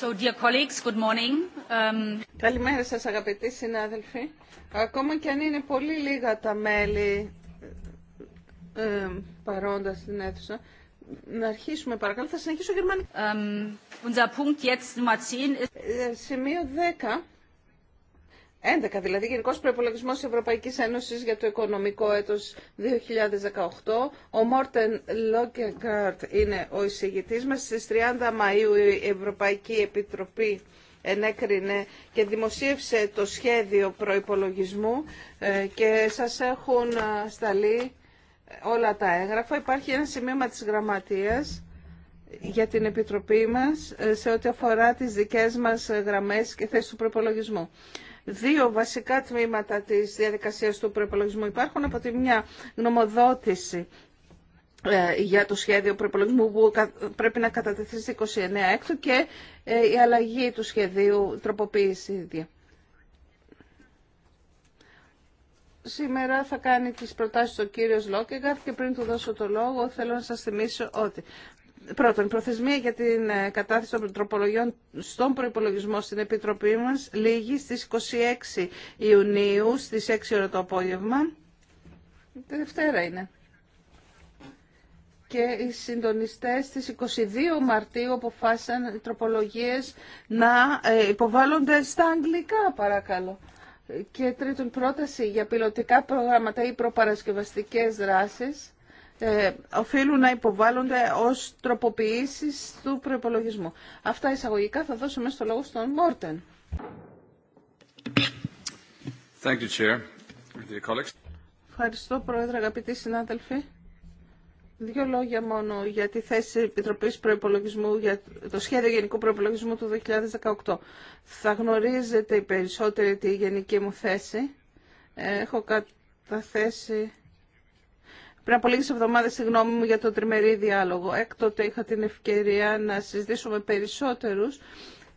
So, dear colleagues, good morning. Um, Καλημέρα σας αγαπητοί συνάδελφοι. Ακόμα και αν είναι πολύ λίγα τα μέλη ε, παρόντα στην αίθουσα, να αρχίσουμε παρακαλώ. Θα συνεχίσω γερμανικά. Um, unser Punkt jetzt, Nummer 10 ε, Σημείο 10 11 δηλαδή, Γενικό Προπολογισμό τη Ευρωπαϊκή Ένωση για το Οικονομικό Έτο 2018. Ο Μόρτεν Λόκεγκαρτ είναι ο εισηγητή μα. Στι 30 Μαου η Ευρωπαϊκή Επιτροπή ενέκρινε και δημοσίευσε το σχέδιο προϋπολογισμού ε, και σας έχουν ε, σταλεί ε, όλα τα έγγραφα. Υπάρχει ένα σημείωμα της γραμματείας για την Επιτροπή μας σε ό,τι αφορά τις δικές μας γραμμές και θέσεις του προπολογισμού δύο βασικά τμήματα της διαδικασίας του προπολογισμού υπάρχουν. Από τη μια γνωμοδότηση ε, για το σχέδιο προπολογισμού που πρέπει να κατατεθεί στις 29 έκτου και ε, η αλλαγή του σχεδίου τροποποίηση ίδια. Σήμερα θα κάνει τις προτάσεις ο κύριος Λόκεγκαρτ και πριν του δώσω το λόγο θέλω να σας θυμίσω ότι Πρώτον, προθεσμία για την ε, κατάθεση των τροπολογιών στον προπολογισμό στην Επιτροπή μας λήγει στις 26 Ιουνίου στις 6 ώρα το απόγευμα. Τη Δευτέρα είναι. Και οι συντονιστές στις 22 Μαρτίου αποφάσισαν οι τροπολογίες να ε, υποβάλλονται στα αγγλικά παρακαλώ. Και τρίτον, πρόταση για πιλωτικά προγράμματα ή προπαρασκευαστικές δράσεις ε, οφείλουν να υποβάλλονται ως τροποποιήσεις του προϋπολογισμού. Αυτά εισαγωγικά θα δώσω μέσα στο λόγο στον Μόρτεν. Ευχαριστώ, Πρόεδρε, αγαπητοί συνάδελφοι. Δύο λόγια μόνο για τη θέση Επιτροπής Προϋπολογισμού, για το σχέδιο Γενικού Προϋπολογισμού του 2018. Θα γνωρίζετε οι περισσότεροι τη γενική μου θέση. Έχω καταθέσει πριν από λίγες εβδομάδε τη γνώμη μου για το τριμερή διάλογο. Έκτοτε είχα την ευκαιρία να συζητήσουμε περισσότερους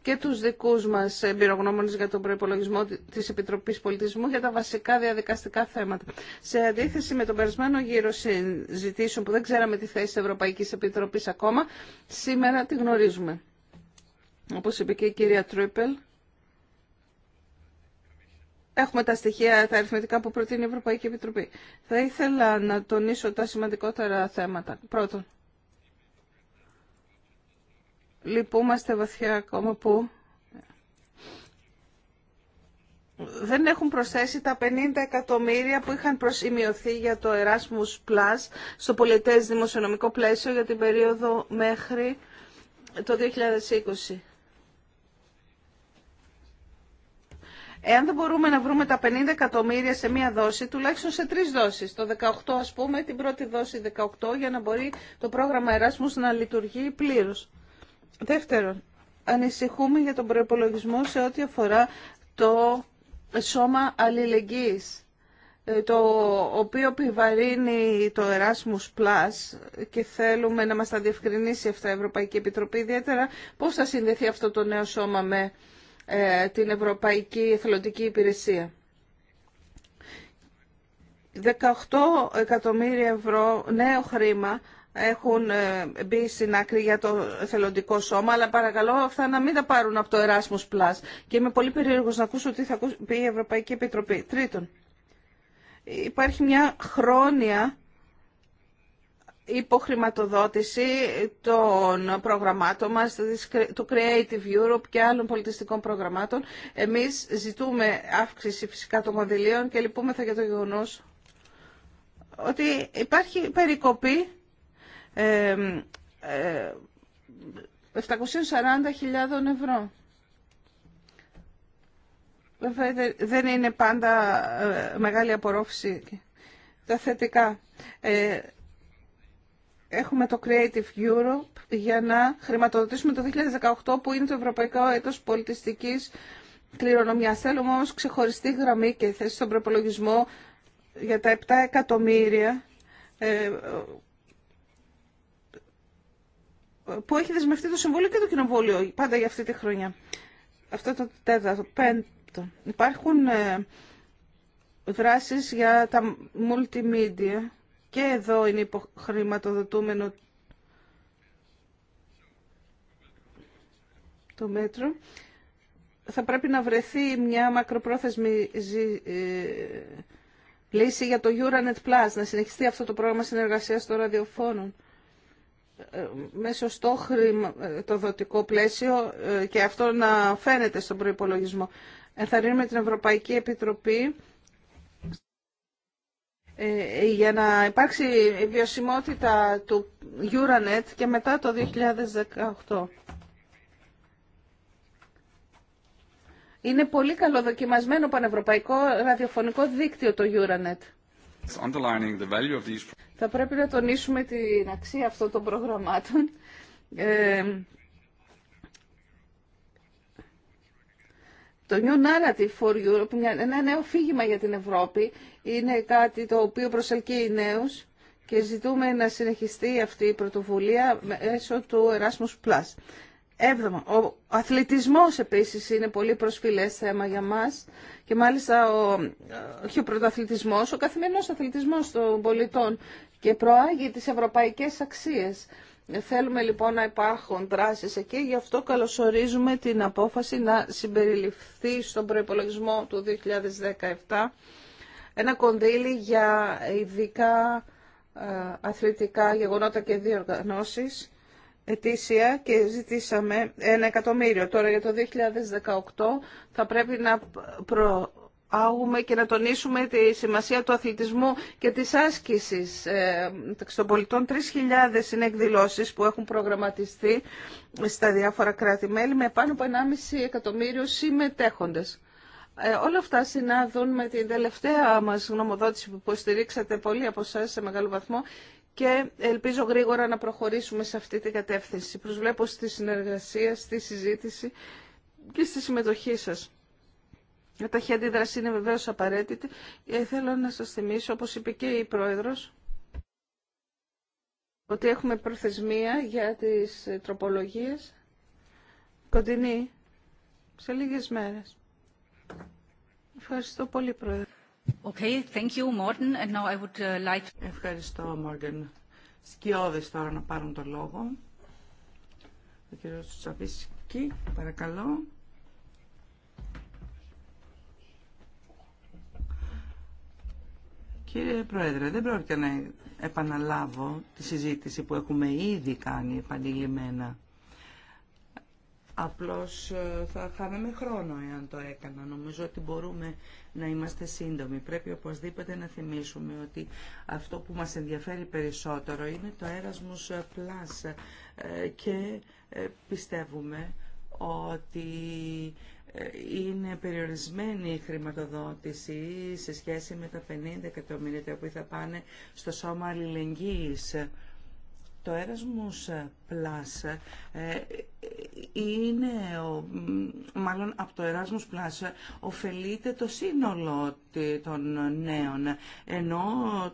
και τους δικούς μας εμπειρογνώμονε για τον προπολογισμό της Επιτροπής Πολιτισμού για τα βασικά διαδικαστικά θέματα. Σε αντίθεση με τον περασμένο γύρο συζητήσεων που δεν ξέραμε τη θέση της Ευρωπαϊκής Επιτροπής ακόμα, σήμερα τη γνωρίζουμε. Όπω είπε και η κυρία Τρίπελ, Έχουμε τα στοιχεία, τα αριθμητικά που προτείνει η Ευρωπαϊκή Επιτροπή. Θα ήθελα να τονίσω τα σημαντικότερα θέματα. Πρώτον, λυπούμαστε βαθιά ακόμα που δεν έχουν προσθέσει τα 50 εκατομμύρια που είχαν προσημειωθεί για το Erasmus Plus στο πολιτές δημοσιονομικό πλαίσιο για την περίοδο μέχρι το 2020. Εάν δεν μπορούμε να βρούμε τα 50 εκατομμύρια σε μία δόση, τουλάχιστον σε τρεις δόσεις, το 18 α πούμε, την πρώτη δόση 18, για να μπορεί το πρόγραμμα Εράσμου να λειτουργεί πλήρως. Δεύτερον, ανησυχούμε για τον προπολογισμό σε ό,τι αφορά το σώμα αλληλεγγύης ε, το οποίο επιβαρύνει το Erasmus Plus και θέλουμε να μας τα διευκρινίσει αυτά η Ευρωπαϊκή Επιτροπή ιδιαίτερα πώς θα συνδεθεί αυτό το νέο σώμα με ε, την Ευρωπαϊκή Εθελοντική Υπηρεσία. 18 εκατομμύρια ευρώ νέο χρήμα έχουν ε, μπει στην άκρη για το θελοντικό σώμα, αλλά παρακαλώ αυτά να μην τα πάρουν από το Erasmus Plus. Και είμαι πολύ περίεργος να ακούσω τι θα πει η Ευρωπαϊκή Επιτροπή. Τρίτον, υπάρχει μια χρόνια υποχρηματοδότηση των προγραμμάτων μας, του Creative Europe και άλλων πολιτιστικών προγραμμάτων. Εμείς ζητούμε αύξηση φυσικά των κονδυλίων και λυπούμεθα για το γεγονό ότι υπάρχει περικοπή 740.000 ε, ευρώ. Βέβαια δεν είναι πάντα ε, μεγάλη απορρόφηση τα θετικά. Ε, έχουμε το Creative Europe για να χρηματοδοτήσουμε το 2018 που είναι το Ευρωπαϊκό Έτος Πολιτιστικής Κληρονομιάς. Θέλουμε όμως ξεχωριστή γραμμή και θέση στον προπολογισμό για τα 7 εκατομμύρια ε, που έχει δεσμευτεί το Συμβούλιο και το Κοινοβούλιο πάντα για αυτή τη χρονιά. Αυτό το τέταρτο, πέμπτο. Υπάρχουν ε, δράσεις για τα multimedia και εδώ είναι υποχρηματοδοτούμενο το μέτρο. Θα πρέπει να βρεθεί μια μακροπρόθεσμη ε, λύση για το Euronet Plus, να συνεχιστεί αυτό το πρόγραμμα συνεργασίας των ραδιοφώνων με σωστό χρηματοδοτικό πλαίσιο ε, και αυτό να φαίνεται στον προϋπολογισμό. Ενθαρρύνουμε την Ευρωπαϊκή Επιτροπή ε, για να υπάρξει βιωσιμότητα του Euronet και μετά το 2018. Είναι πολύ καλοδοκιμασμένο πανευρωπαϊκό ραδιοφωνικό δίκτυο το Euronet. Θα πρέπει να τονίσουμε την αξία αυτών των προγραμμάτων ε, Το New Narrative for Europe, ένα νέο φύγημα για την Ευρώπη, είναι κάτι το οποίο προσελκύει νέους και ζητούμε να συνεχιστεί αυτή η πρωτοβουλία μέσω του Erasmus+. Έβδομα, ο αθλητισμός επίσης είναι πολύ προσφυλές θέμα για μας και μάλιστα ο, όχι ο πρωταθλητισμός, ο καθημερινός αθλητισμός των πολιτών και προάγει τις ευρωπαϊκές αξίες. Θέλουμε λοιπόν να υπάρχουν δράσεις εκεί, γι' αυτό καλωσορίζουμε την απόφαση να συμπεριληφθεί στον προϋπολογισμό του 2017 ένα κονδύλι για ειδικά ε, αθλητικά γεγονότα και διοργανώσεις ετήσια και ζητήσαμε ένα εκατομμύριο. Τώρα για το 2018 θα πρέπει να προ Άγουμε και να τονίσουμε τη σημασία του αθλητισμού και της άσκησης ε, των πολιτών. 3.000 είναι εκδηλώσεις που έχουν προγραμματιστεί στα διάφορα κράτη-μέλη με πάνω από 1,5 εκατομμύριο συμμετέχοντες. Ε, όλα αυτά συνάδουν με την τελευταία μας γνωμοδότηση που υποστηρίξατε πολλοί από εσά σε μεγάλο βαθμό και ελπίζω γρήγορα να προχωρήσουμε σε αυτή την κατεύθυνση. Προσβλέπω στη συνεργασία, στη συζήτηση και στη συμμετοχή σας. Η ταχύα αντίδραση είναι βεβαίω απαραίτητη. Ε, θέλω να σας θυμίσω, όπως είπε και η Πρόεδρος, ότι έχουμε προθεσμία για τις ε, τροπολογίες κοντινή σε λίγες μέρες. Ευχαριστώ πολύ, Πρόεδρε. Okay, thank you, Morgan, And now I would uh, like... Ευχαριστώ, Μόργαν. Σκιώδε τώρα να πάρουν το λόγο. Ο κύριο Τσαβίσκη, παρακαλώ. Κύριε Πρόεδρε, δεν πρόκειται να επαναλάβω τη συζήτηση που έχουμε ήδη κάνει επανειλημμένα. Απλώς ε, θα χάναμε χρόνο εάν το έκανα. Νομίζω ότι μπορούμε να είμαστε σύντομοι. Πρέπει οπωσδήποτε να θυμίσουμε ότι αυτό που μας ενδιαφέρει περισσότερο είναι το Erasmus Plus ε, και ε, πιστεύουμε ότι είναι περιορισμένη η χρηματοδότηση σε σχέση με τα 50 εκατομμύρια που θα πάνε στο σώμα αλληλεγγύης. Το Erasmus Plus ε, είναι, μάλλον από το Erasmus Plus ωφελείται το σύνολο των νέων, ενώ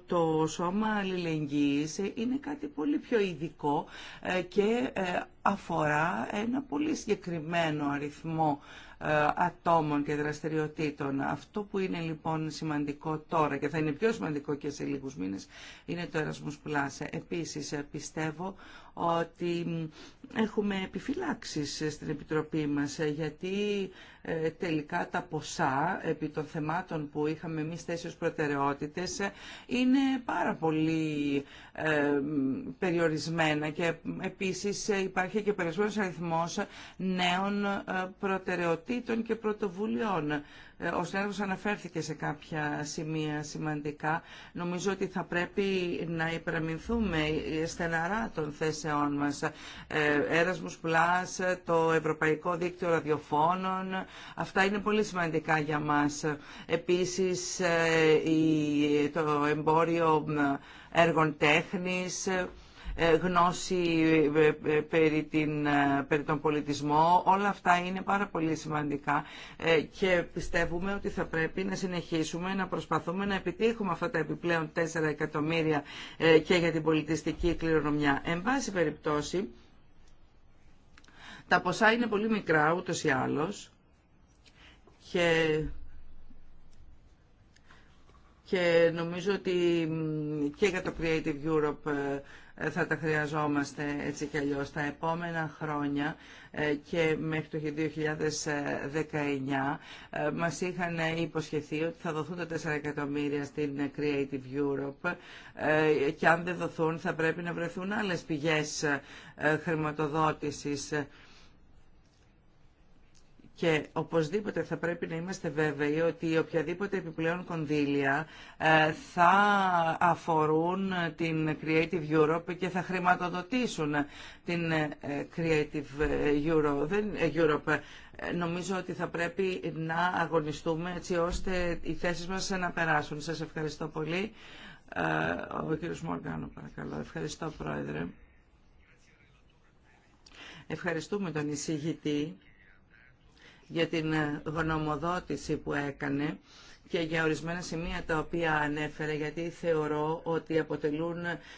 το σώμα αλληλεγγύης είναι κάτι πολύ πιο ειδικό ε, και ε, αφορά ένα πολύ συγκεκριμένο αριθμό ε, ατόμων και δραστηριοτήτων. Αυτό που είναι λοιπόν σημαντικό τώρα και θα είναι πιο σημαντικό και σε λίγους μήνες είναι το Erasmus Plus. Επίσης ε, πιστεύω ότι έχουμε επιφυλάξεις στην Επιτροπή μας γιατί ε, τελικά τα ποσά επί των θεμάτων που είχαμε εμεί θέσει ως προτεραιότητες είναι πάρα πολύ ε, περιορισμένα και επίσης υπάρχει και περισσότερος αριθμός νέων ε, προτεραιοτήτων και πρωτοβουλειών. Ε, ο συνέργος αναφέρθηκε σε κάποια σημεία σημαντικά. Νομίζω ότι θα πρέπει να υπεραμεινθούμε στεναρά των θέσεών μας. Έρασμους ε, Πλάς, το Ευρωπαϊκό Δίκτυο Ραδιοφώνων, αυτά είναι πολύ σημαντικά για μας. Επίσης ε, το εμπόριο έργων τέχνης, ε, γνώση ε, ε, περί, την, τον πολιτισμό. Όλα αυτά είναι πάρα πολύ σημαντικά και πιστεύουμε ότι θα πρέπει να συνεχίσουμε να προσπαθούμε να επιτύχουμε αυτά τα επιπλέον 4 εκατομμύρια και για την πολιτιστική κληρονομιά. Εν πάση περιπτώσει, τα ποσά είναι πολύ μικρά ούτως ή άλλως και και νομίζω ότι και για το Creative Europe ε, ε, θα τα χρειαζόμαστε έτσι κι αλλιώς τα επόμενα χρόνια ε, και μέχρι το 2019 μας είχαν υποσχεθεί ότι θα δοθούν τα 4 εκατομμύρια στην Creative Europe και αν δεν δοθούν θα πρέπει να βρεθούν άλλες πηγές χρηματοδότησης και οπωσδήποτε θα πρέπει να είμαστε βέβαιοι ότι οποιαδήποτε επιπλέον κονδύλια ε, θα αφορούν την Creative Europe και θα χρηματοδοτήσουν την ε, Creative ε, Europe. Νομίζω ότι θα πρέπει να αγωνιστούμε έτσι ώστε οι θέσεις μας να περάσουν. Σας ευχαριστώ πολύ. Ο κύριος Μοργάνο, παρακαλώ. Ευχαριστώ, Πρόεδρε. Ευχαριστούμε τον εισηγητή για την ε, γνωμοδότηση που έκανε και για ορισμένα σημεία τα οποία ανέφερε, γιατί θεωρώ ότι αποτελούν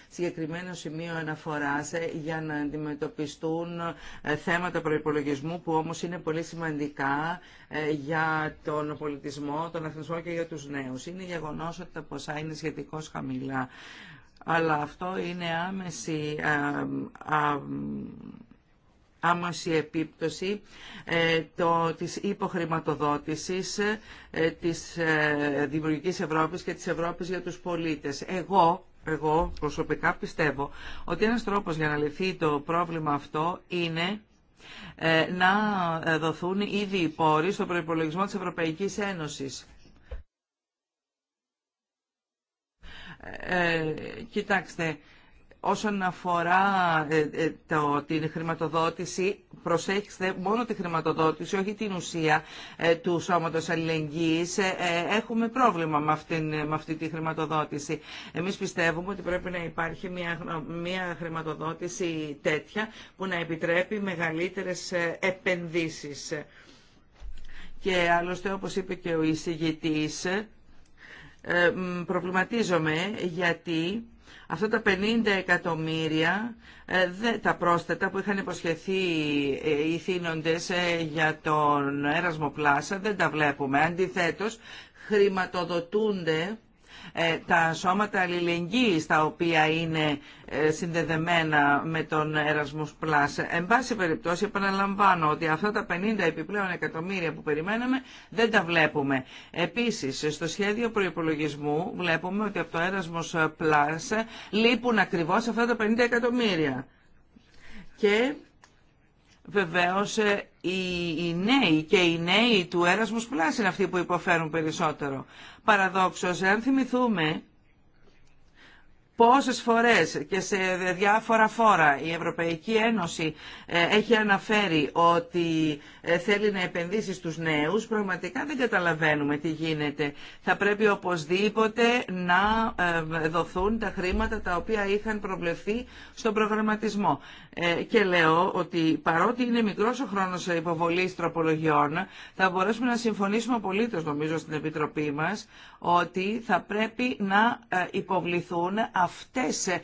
συγκεκριμένο σημείο αναφοράς ε, για να αντιμετωπιστούν ε, θέματα προϋπολογισμού που όμως είναι πολύ σημαντικά για τον πολιτισμό, τον αθλησμό και για τους νέους. Είναι γεγονός ότι τα ποσά είναι σχετικώς χαμηλά. Αλλά αυτό είναι άμεση άμεση επίπτωση ε, το, της υποχρηματοδότησης ε, της ε, Δημιουργικής Ευρώπης και της Ευρώπης για τους πολίτες. Εγώ εγώ προσωπικά πιστεύω ότι ένας τρόπος για να λυθεί το πρόβλημα αυτό είναι να δοθούν ήδη οι πόροι στον προπολογισμό της Ευρωπαϊκής Ένωσης. κοιτάξτε, όσον αφορά ε, ε, το, την χρηματοδότηση, προσέξτε μόνο τη χρηματοδότηση, όχι την ουσία ε, του Σώματος Αλληλεγγύης. Έχουμε πρόβλημα με, αυτήν, με αυτή τη χρηματοδότηση. Εμείς πιστεύουμε ότι πρέπει να υπάρχει μια, μια χρηματοδότηση τέτοια που να επιτρέπει μεγαλύτερες επενδύσεις. Και άλλωστε, όπως είπε και ο εισηγητής, προβληματίζομαι γιατί Αυτά τα 50 εκατομμύρια, ε, τα πρόσθετα που είχαν υποσχεθεί ε, οι θύνοντες ε, για τον έρασμο πλάσα, δεν τα βλέπουμε. Αντιθέτως, χρηματοδοτούνται ε, τα σώματα αλληλεγγύης τα οποία είναι ε, συνδεδεμένα με τον Erasmus Plus. Εν πάση περιπτώσει επαναλαμβάνω ότι αυτά τα 50 επιπλέον εκατομμύρια που περιμέναμε δεν τα βλέπουμε. Επίσης στο σχέδιο προϋπολογισμού βλέπουμε ότι από το Erasmus Plus λείπουν ακριβώς αυτά τα 50 εκατομμύρια. Και Βεβαίως ε, οι, νέοι και οι νέοι του Erasmus Plus είναι αυτοί που υποφέρουν περισσότερο. Παραδόξως, εάν θυμηθούμε Πόσες φορές και σε διάφορα φόρα η Ευρωπαϊκή Ένωση ε, έχει αναφέρει ότι ε, θέλει να επενδύσει στους νέους, πραγματικά δεν καταλαβαίνουμε τι γίνεται. Θα πρέπει οπωσδήποτε να ε, δοθούν τα χρήματα τα οποία είχαν προβλεφθεί στον προγραμματισμό. Και λέω ότι παρότι είναι μικρός ο χρόνος υποβολής τροπολογιών, θα μπορέσουμε να συμφωνήσουμε απολύτως νομίζω στην Επιτροπή μας ότι θα πρέπει να υποβληθούν αυτές ε,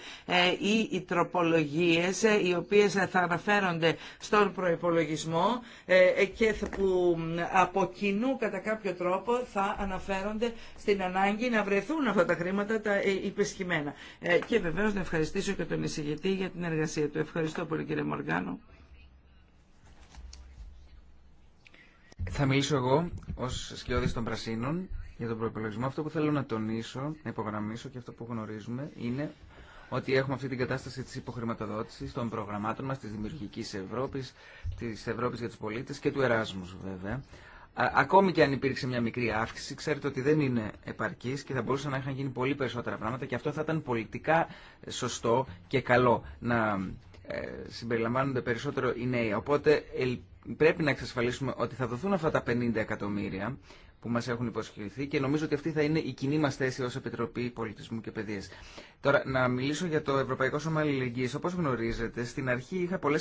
οι τροπολογίες ε, οι οποίες θα αναφέρονται στον προϋπολογισμό ε, και που από κοινού κατά κάποιο τρόπο θα αναφέρονται στην ανάγκη να βρεθούν αυτά τα χρήματα τα υπεσχημένα. Και βεβαίως να ευχαριστήσω και τον εισηγητή για την εργασία του. Ευχαριστώ πολύ κύριε Μοργάνο. Θα μιλήσω εγώ ως σκιώδης των Πρασίνων για τον προπολογισμό. Αυτό που θέλω να τονίσω, να υπογραμμίσω και αυτό που γνωρίζουμε είναι ότι έχουμε αυτή την κατάσταση της υποχρηματοδότησης των προγραμμάτων μας, της Δημιουργικής Ευρώπης, της Ευρώπης για τους πολίτες και του Εράσμους βέβαια. Ακόμη και αν υπήρξε μια μικρή αύξηση, ξέρετε ότι δεν είναι επαρκή και θα μπορούσαν να είχαν γίνει πολύ περισσότερα πράγματα και αυτό θα ήταν πολιτικά σωστό και καλό να ε, συμπεριλαμβάνονται περισσότερο οι νέοι. Οπότε πρέπει να εξασφαλίσουμε ότι θα δοθούν αυτά τα 50 εκατομμύρια που μα έχουν υποσχεθεί και νομίζω ότι αυτή θα είναι η κοινή μα θέση ω Επιτροπή Πολιτισμού και Παιδεία. Τώρα, να μιλήσω για το Ευρωπαϊκό Σώμα Αλληλεγγύη. Όπω γνωρίζετε, στην αρχή είχα πολλέ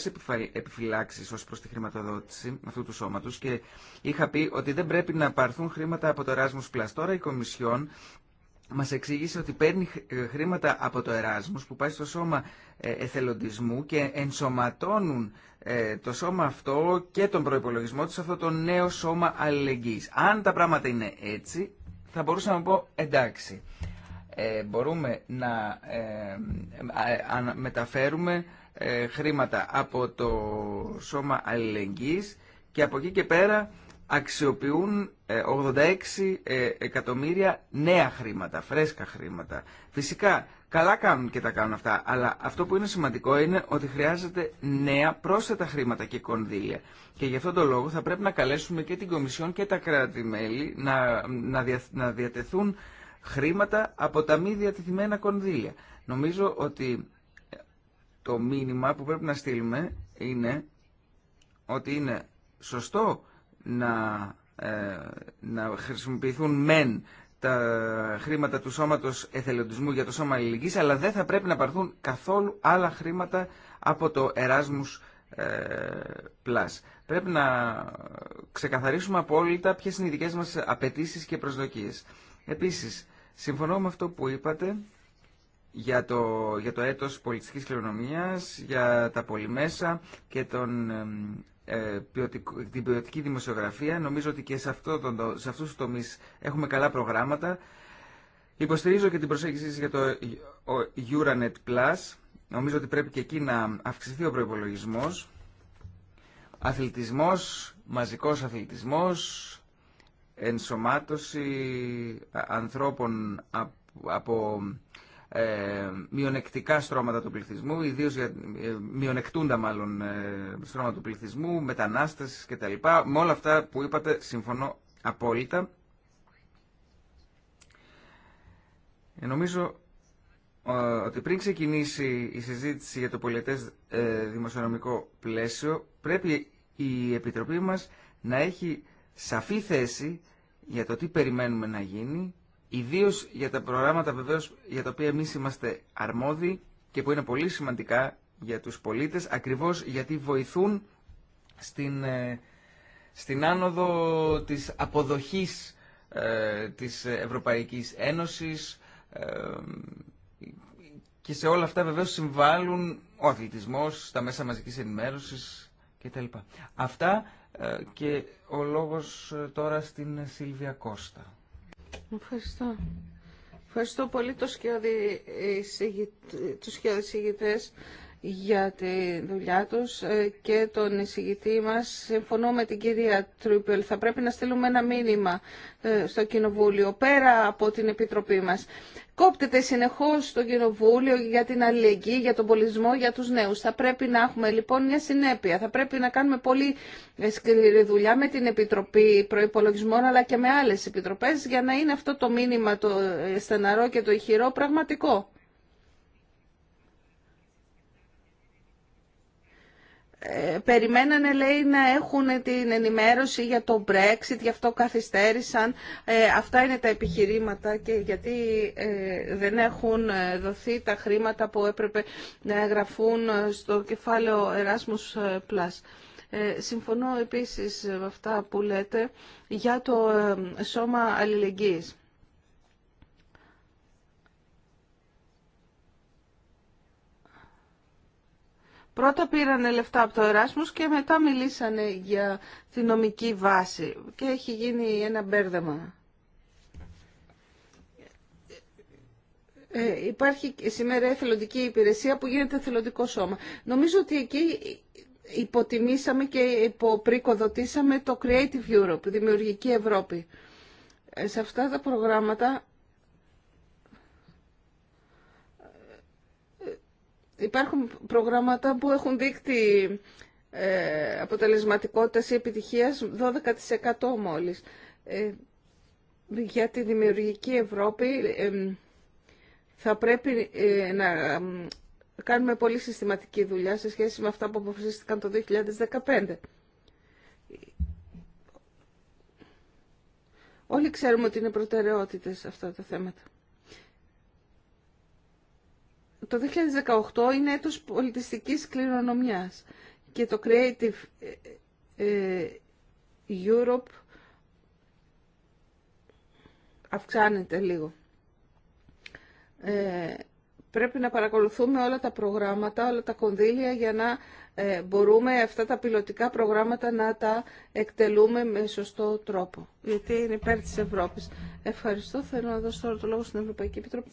επιφυλάξει ω προ τη χρηματοδότηση αυτού του σώματο και είχα πει ότι δεν πρέπει να πάρθουν χρήματα από το Erasmus Plus. Τώρα η Κομισιόν μα εξήγησε ότι παίρνει ε, χρήματα από το Erasmus που πάει στο σώμα ε, εθελοντισμού και ενσωματώνουν ε, το σώμα αυτό και τον προπολογισμό του σε αυτό το νέο σώμα αλληλεγγύης. Αν τα πράγματα είναι έτσι, θα μπορούσα να πω εντάξει. Ε, μπορούμε ε, να μεταφέρουμε ε, χρήματα από το σώμα αλληλεγγύης και από εκεί και πέρα αξιοποιούν 86 εκατομμύρια νέα χρήματα, φρέσκα χρήματα. Φυσικά Καλά κάνουν και τα κάνουν αυτά, αλλά αυτό που είναι σημαντικό είναι ότι χρειάζεται νέα πρόσθετα χρήματα και κονδύλια. Και γι' αυτόν τον λόγο θα πρέπει να καλέσουμε και την Κομισιόν και τα κράτη-μέλη να, διατεθούν χρήματα από τα μη διατηρημένα κονδύλια. Νομίζω ότι το μήνυμα που πρέπει να στείλουμε είναι ότι είναι σωστό να, ε, να χρησιμοποιηθούν μεν τα χρήματα του σώματος εθελοντισμού για το σώμα αλληλεγγύης, αλλά δεν θα πρέπει να παρθούν καθόλου άλλα χρήματα από το Erasmus ε, Plus. Πρέπει να ξεκαθαρίσουμε απόλυτα ποιες είναι οι δικές μας απαιτήσεις και προσδοκίες. Επίσης, συμφωνώ με αυτό που είπατε για το, για το έτος πολιτιστικής κληρονομίας, για τα πολυμέσα και τον ε, την ποιοτική δημοσιογραφία. Νομίζω ότι και σε, αυτό, σε αυτούς τους τομείς έχουμε καλά προγράμματα. Υποστηρίζω και την προσέγγιση για το Euronet Plus. Νομίζω ότι πρέπει και εκεί να αυξηθεί ο προπολογισμό, Αθλητισμός, μαζικός αθλητισμός, ενσωμάτωση ανθρώπων από ε, μειονεκτικά στρώματα του πληθυσμού, ιδίως για ε, μειονεκτούντα μάλλον ε, στρώματα του πληθυσμού, μετανάστες κτλ. Με όλα αυτά που είπατε συμφωνώ απόλυτα. Νομίζω ότι πριν ξεκινήσει η συζήτηση για το πολιτές δημοσιονομικό πλαίσιο πρέπει η Επιτροπή μας να έχει σαφή θέση για το τι περιμένουμε να γίνει Ιδίω για τα προγράμματα βεβαίως για τα οποία εμεί είμαστε αρμόδιοι και που είναι πολύ σημαντικά για τους πολίτες, ακριβώς γιατί βοηθούν στην, ε, στην άνοδο της αποδοχής ε, της Ευρωπαϊκής Ένωσης ε, και σε όλα αυτά βεβαίως συμβάλλουν ο αθλητισμός, τα μέσα μαζικής ενημέρωσης κτλ. Αυτά ε, και ο λόγος τώρα στην Σίλβια Κώστα. Ευχαριστώ. Ευχαριστώ πολύ τους σκιώδη για τη δουλειά τους ε, και τον εισηγητή μας. Συμφωνώ με την κυρία Τρούπελ, θα πρέπει να στείλουμε ένα μήνυμα ε, στο Κοινοβούλιο, πέρα από την Επιτροπή μας. Κόπτεται συνεχώς το Κοινοβούλιο για την αλληλεγγύη, για τον πολιτισμό, για τους νέους. Θα πρέπει να έχουμε λοιπόν μια συνέπεια. Θα πρέπει να κάνουμε πολύ σκληρή δουλειά με την Επιτροπή Προϋπολογισμών αλλά και με άλλες επιτροπές για να είναι αυτό το μήνυμα το ε, στεναρό και το ηχηρό πραγματικό. Ε, περιμένανε λέει να έχουν την ενημέρωση για το Brexit, γι' αυτό καθυστέρησαν. Ε, αυτά είναι τα επιχειρήματα και γιατί ε, δεν έχουν δοθεί τα χρήματα που έπρεπε να εγγραφούν στο κεφάλαιο Erasmus Plus. συμφωνώ επίσης με αυτά που λέτε για το σώμα αλληλεγγύης. Πρώτα πήρανε λεφτά από το Εράσμος και μετά μιλήσανε για τη νομική βάση και έχει γίνει ένα μπέρδεμα. Ε, υπάρχει σήμερα εθελοντική υπηρεσία που γίνεται εθελοντικό σώμα. Νομίζω ότι εκεί υποτιμήσαμε και υποπρικοδοτήσαμε το Creative Europe, Δημιουργική Ευρώπη. Ε, σε αυτά τα προγράμματα υπάρχουν προγράμματα που έχουν δείκτη ε, αποτελεσματικότητας ή επιτυχίας 12% μόλις. Ε, για τη δημιουργική Ευρώπη ε, θα πρέπει ε, να κάνουμε πολύ συστηματική δουλειά σε σχέση με αυτά που αποφασίστηκαν το 2015. Όλοι ξέρουμε ότι είναι προτεραιότητες αυτά τα θέματα. Το 2018 είναι έτος πολιτιστικής κληρονομιάς και το Creative ε, ε, Europe αυξάνεται λίγο. Ε, πρέπει να παρακολουθούμε όλα τα προγράμματα, όλα τα κονδύλια για να ε, μπορούμε αυτά τα πιλωτικά προγράμματα να τα εκτελούμε με σωστό τρόπο. Γιατί είναι υπέρ της Ευρώπης. Ευχαριστώ. Θέλω να δώσω τώρα το λόγο στην Ευρωπαϊκή Επιτροπή.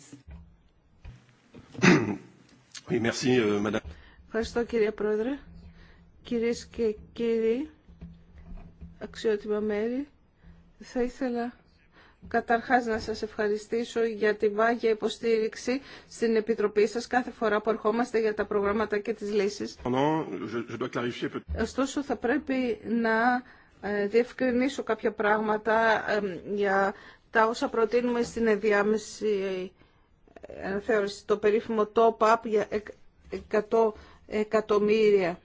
Euh, Ευχαριστώ κυρία Πρόεδρε. Κυρίες και κύριοι, αξιότιμα μέρη, θα ήθελα καταρχάς να σας ευχαριστήσω για τη βάγια υποστήριξη στην Επιτροπή σας κάθε φορά που ερχόμαστε για τα προγράμματα και τις λύσεις. Ωστόσο θα πρέπει να ε, διευκρινίσω κάποια πράγματα ε, για τα όσα προτείνουμε στην ενδιάμεση αναθεώρηση, το περίφημο top-up για 100 εκατομμύρια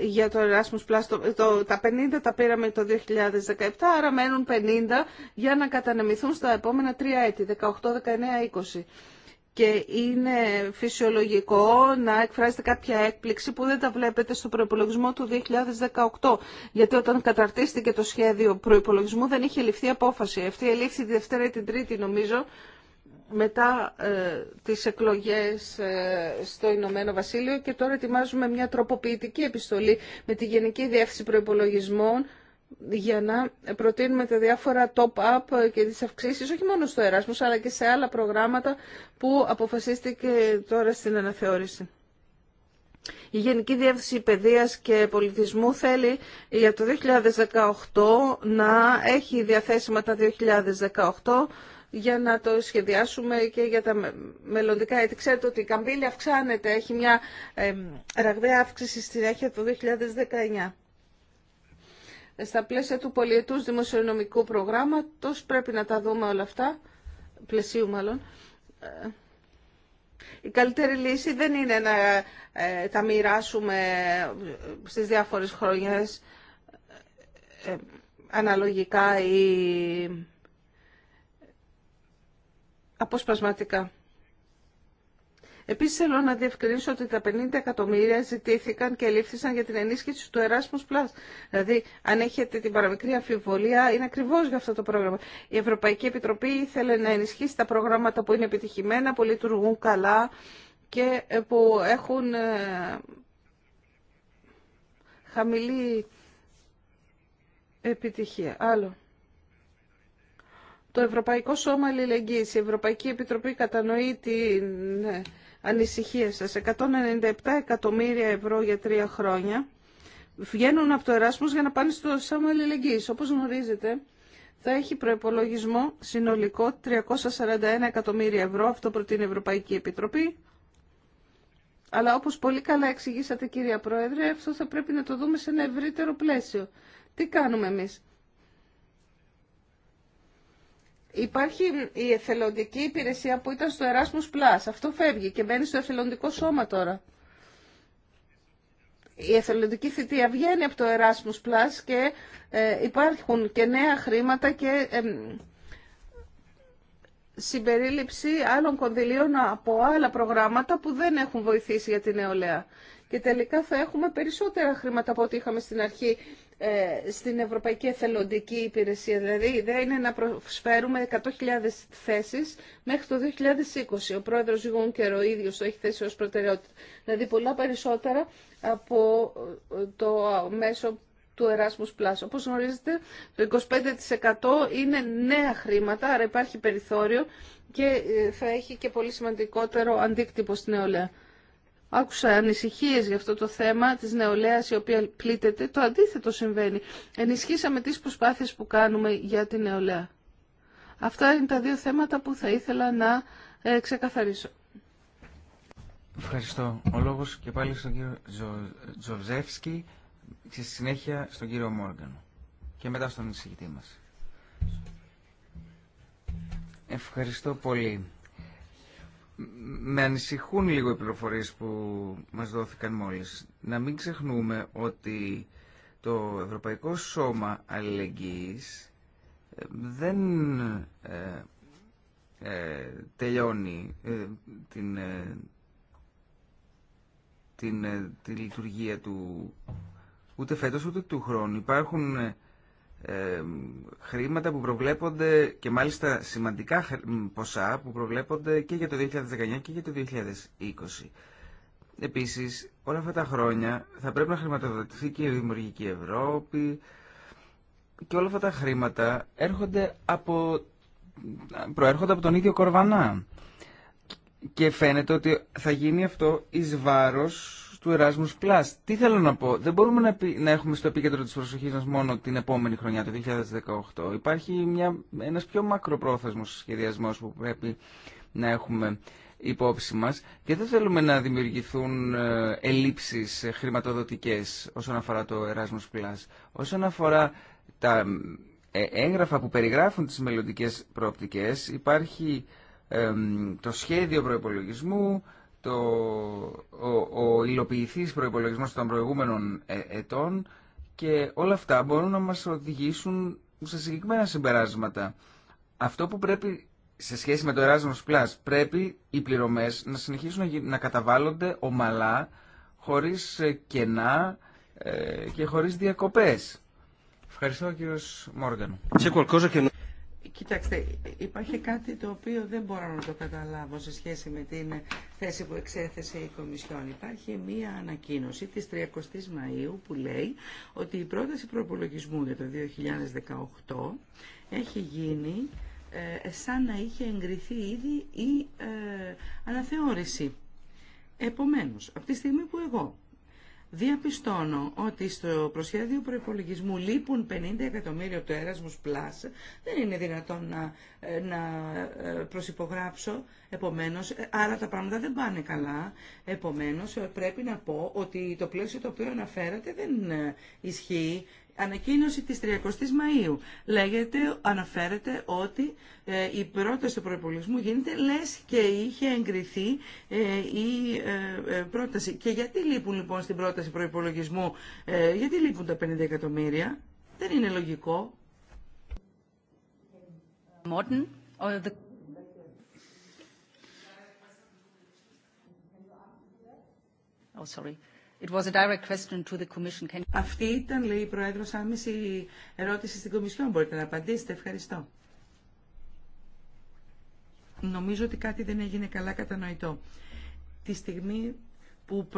για το Erasmus Το, τα 50 τα πήραμε το 2017, άρα μένουν 50 για να κατανεμηθούν στα επόμενα τρία έτη, 18, 19, 20 και είναι φυσιολογικό να εκφράζετε κάποια έκπληξη που δεν τα βλέπετε στο προπολογισμό του 2018. Γιατί όταν καταρτίστηκε το σχέδιο προπολογισμού δεν είχε ληφθεί απόφαση. Αυτή ελήφθη τη Δευτέρα ή την Τρίτη νομίζω μετά ε, τις εκλογές ε, στο Ηνωμένο Βασίλειο και τώρα ετοιμάζουμε μια τροποποιητική επιστολή με τη Γενική Διεύθυνση Προϋπολογισμών για να προτείνουμε τα διάφορα top-up και τις αυξήσεις όχι μόνο στο Εράσμος αλλά και σε άλλα προγράμματα που αποφασίστηκε τώρα στην αναθεώρηση. Η Γενική Διεύθυνση Παιδείας και Πολιτισμού θέλει για το 2018 να έχει διαθέσιμα τα 2018 για να το σχεδιάσουμε και για τα μελλοντικά. Γιατί ξέρετε ότι η καμπύλη αυξάνεται, έχει μια ραγδαία αύξηση στη διάρκεια του 2019 στα πλαίσια του πολιετούς δημοσιονομικού προγράμματος, πρέπει να τα δούμε όλα αυτά, πλαισίου μάλλον, ε, η καλύτερη λύση δεν είναι να ε, τα μοιράσουμε στις διάφορες χρόνιες ε, αναλογικά ή αποσπασματικά. Επίσης θέλω να διευκρινίσω ότι τα 50 εκατομμύρια ζητήθηκαν και λήφθησαν για την ενίσχυση του Erasmus Plus. Δηλαδή, αν έχετε την παραμικρή αμφιβολία, είναι ακριβώς για αυτό το πρόγραμμα. Η Ευρωπαϊκή Επιτροπή ήθελε να ενισχύσει τα προγράμματα που είναι επιτυχημένα, που λειτουργούν καλά και ε, που έχουν ε, χαμηλή επιτυχία. Άλλο. Το Ευρωπαϊκό Σώμα Αλληλεγγύης, η Ευρωπαϊκή Επιτροπή κατανοεί την ε, Ανησυχία σας. 197 εκατομμύρια ευρώ για τρία χρόνια βγαίνουν από το Εράσμος για να πάνε στο ΣΑΜΟ Όπως γνωρίζετε, θα έχει προπολογισμό συνολικό 341 εκατομμύρια ευρώ, αυτό προτείνει η Ευρωπαϊκή Επιτροπή. Αλλά όπως πολύ καλά εξηγήσατε κυρία Πρόεδρε, αυτό θα πρέπει να το δούμε σε ένα ευρύτερο πλαίσιο. Τι κάνουμε εμείς. Υπάρχει η εθελοντική υπηρεσία που ήταν στο Erasmus Plus. Αυτό φεύγει και μπαίνει στο εθελοντικό σώμα τώρα. Η εθελοντική θητεία βγαίνει από το Erasmus Plus και ε, υπάρχουν και νέα χρήματα και ε, συμπερίληψη άλλων κονδυλίων από άλλα προγράμματα που δεν έχουν βοηθήσει για την νεολαία. Και τελικά θα έχουμε περισσότερα χρήματα από ό,τι είχαμε στην αρχή ε, στην Ευρωπαϊκή Εθελοντική Υπηρεσία. Δηλαδή η ιδέα είναι να προσφέρουμε 100.000 θέσεις μέχρι το 2020. Ο πρόεδρος Γιούνκερ ο ίδιος το έχει θέσει ως προτεραιότητα. Δηλαδή πολλά περισσότερα από ε, το μέσο του Erasmus Plus. Όπως γνωρίζετε το 25% είναι νέα χρήματα, άρα υπάρχει περιθώριο και ε, θα έχει και πολύ σημαντικότερο αντίκτυπο στην νεολαία. Άκουσα ανησυχίες για αυτό το θέμα της νεολαίας η οποία πλήττεται. Το αντίθετο συμβαίνει. Ενισχύσαμε τις προσπάθειες που κάνουμε για τη νεολαία. Αυτά είναι τα δύο θέματα που θα ήθελα να ε, ξεκαθαρίσω. Ευχαριστώ. Ο λόγος και πάλι στον κύριο και στη συνέχεια στον κύριο Μόργαν και μετά στον εισηγητή μας. Ευχαριστώ πολύ με ανησυχούν λίγο οι πληροφορίες που μας δόθηκαν μόλις. Να μην ξεχνούμε ότι το Ευρωπαϊκό Σώμα Αλληλεγγύης ε, δεν ε, ε, τελειώνει την, την, τη λειτουργία του ούτε φέτος ούτε του χρόνου. Υπάρχουν ε, χρήματα που προβλέπονται και μάλιστα σημαντικά ποσά που προβλέπονται και για το 2019 και για το 2020. Επίσης, όλα αυτά τα χρόνια θα πρέπει να χρηματοδοτηθεί και η Δημιουργική Ευρώπη και όλα αυτά τα χρήματα έρχονται από, προέρχονται από τον ίδιο Κορβανά. Και φαίνεται ότι θα γίνει αυτό εις βάρος του Erasmus Plus. Τι θέλω να πω, δεν μπορούμε να, να έχουμε στο επίκεντρο τη προσοχή μα μόνο την επόμενη χρονιά, το 2018. Υπάρχει ένα πιο μακροπρόθεσμος σχεδιασμό που πρέπει να έχουμε υπόψη μα και δεν θέλουμε να δημιουργηθούν ε, ελλείψει ε, χρηματοδοτικέ όσον αφορά το Erasmus Plus. Όσον αφορά τα ε, έγγραφα που περιγράφουν τι μελλοντικέ προοπτικέ, υπάρχει το σχέδιο προπολογισμού το, ο, ο υλοποιηθής προϋπολογισμός των προηγούμενων ε, ετών και όλα αυτά μπορούν να μας οδηγήσουν σε συγκεκριμένα συμπεράσματα. Αυτό που πρέπει σε σχέση με το Erasmus Plus πρέπει οι πληρωμές να συνεχίσουν να καταβάλλονται ομαλά, χωρίς ε, κενά ε, και χωρίς διακοπές. Ευχαριστώ κύριος Μόργαν. Κοιτάξτε, υπάρχει κάτι το οποίο δεν μπορώ να το καταλάβω σε σχέση με την θέση που εξέθεσε η Κομισιόν. Υπάρχει μία ανακοίνωση της 30 Μαΐου που λέει ότι η πρόταση προπολογισμού για το 2018 έχει γίνει ε, σαν να είχε εγκριθεί ήδη η ε, αναθεώρηση. Επομένως, από τη στιγμή που εγώ διαπιστώνω ότι στο προσχέδιο προπολογισμού λείπουν 50 εκατομμύρια του Erasmus Plus. Δεν είναι δυνατόν να, ε, να ε, προσυπογράψω, επομένως, ε, άρα τα πράγματα δεν πάνε καλά. Επομένως, πρέπει να πω ότι το πλαίσιο το οποίο αναφέρατε δεν ισχύει ανακοίνωση της 30 η Μαΐου. Λέγεται, αναφέρεται ότι ε, η πρόταση του προπολογισμού γίνεται λες και είχε εγκριθεί ε, η ε, πρόταση. Και γιατί λείπουν λοιπόν στην πρόταση προϋπολογισμού, γιατί λείπουν τα 50 εκατομμύρια. Δεν είναι λογικό. Modern, oh, sorry. It was a direct question to the Commission. Αυτή ήταν, λέει η Πρόεδρος, άμεση ερώτηση στην Κομισιόν. Μπορείτε να απαντήσετε. Ευχαριστώ. Νομίζω ότι κάτι δεν έγινε καλά κατανοητό. Τη στιγμή που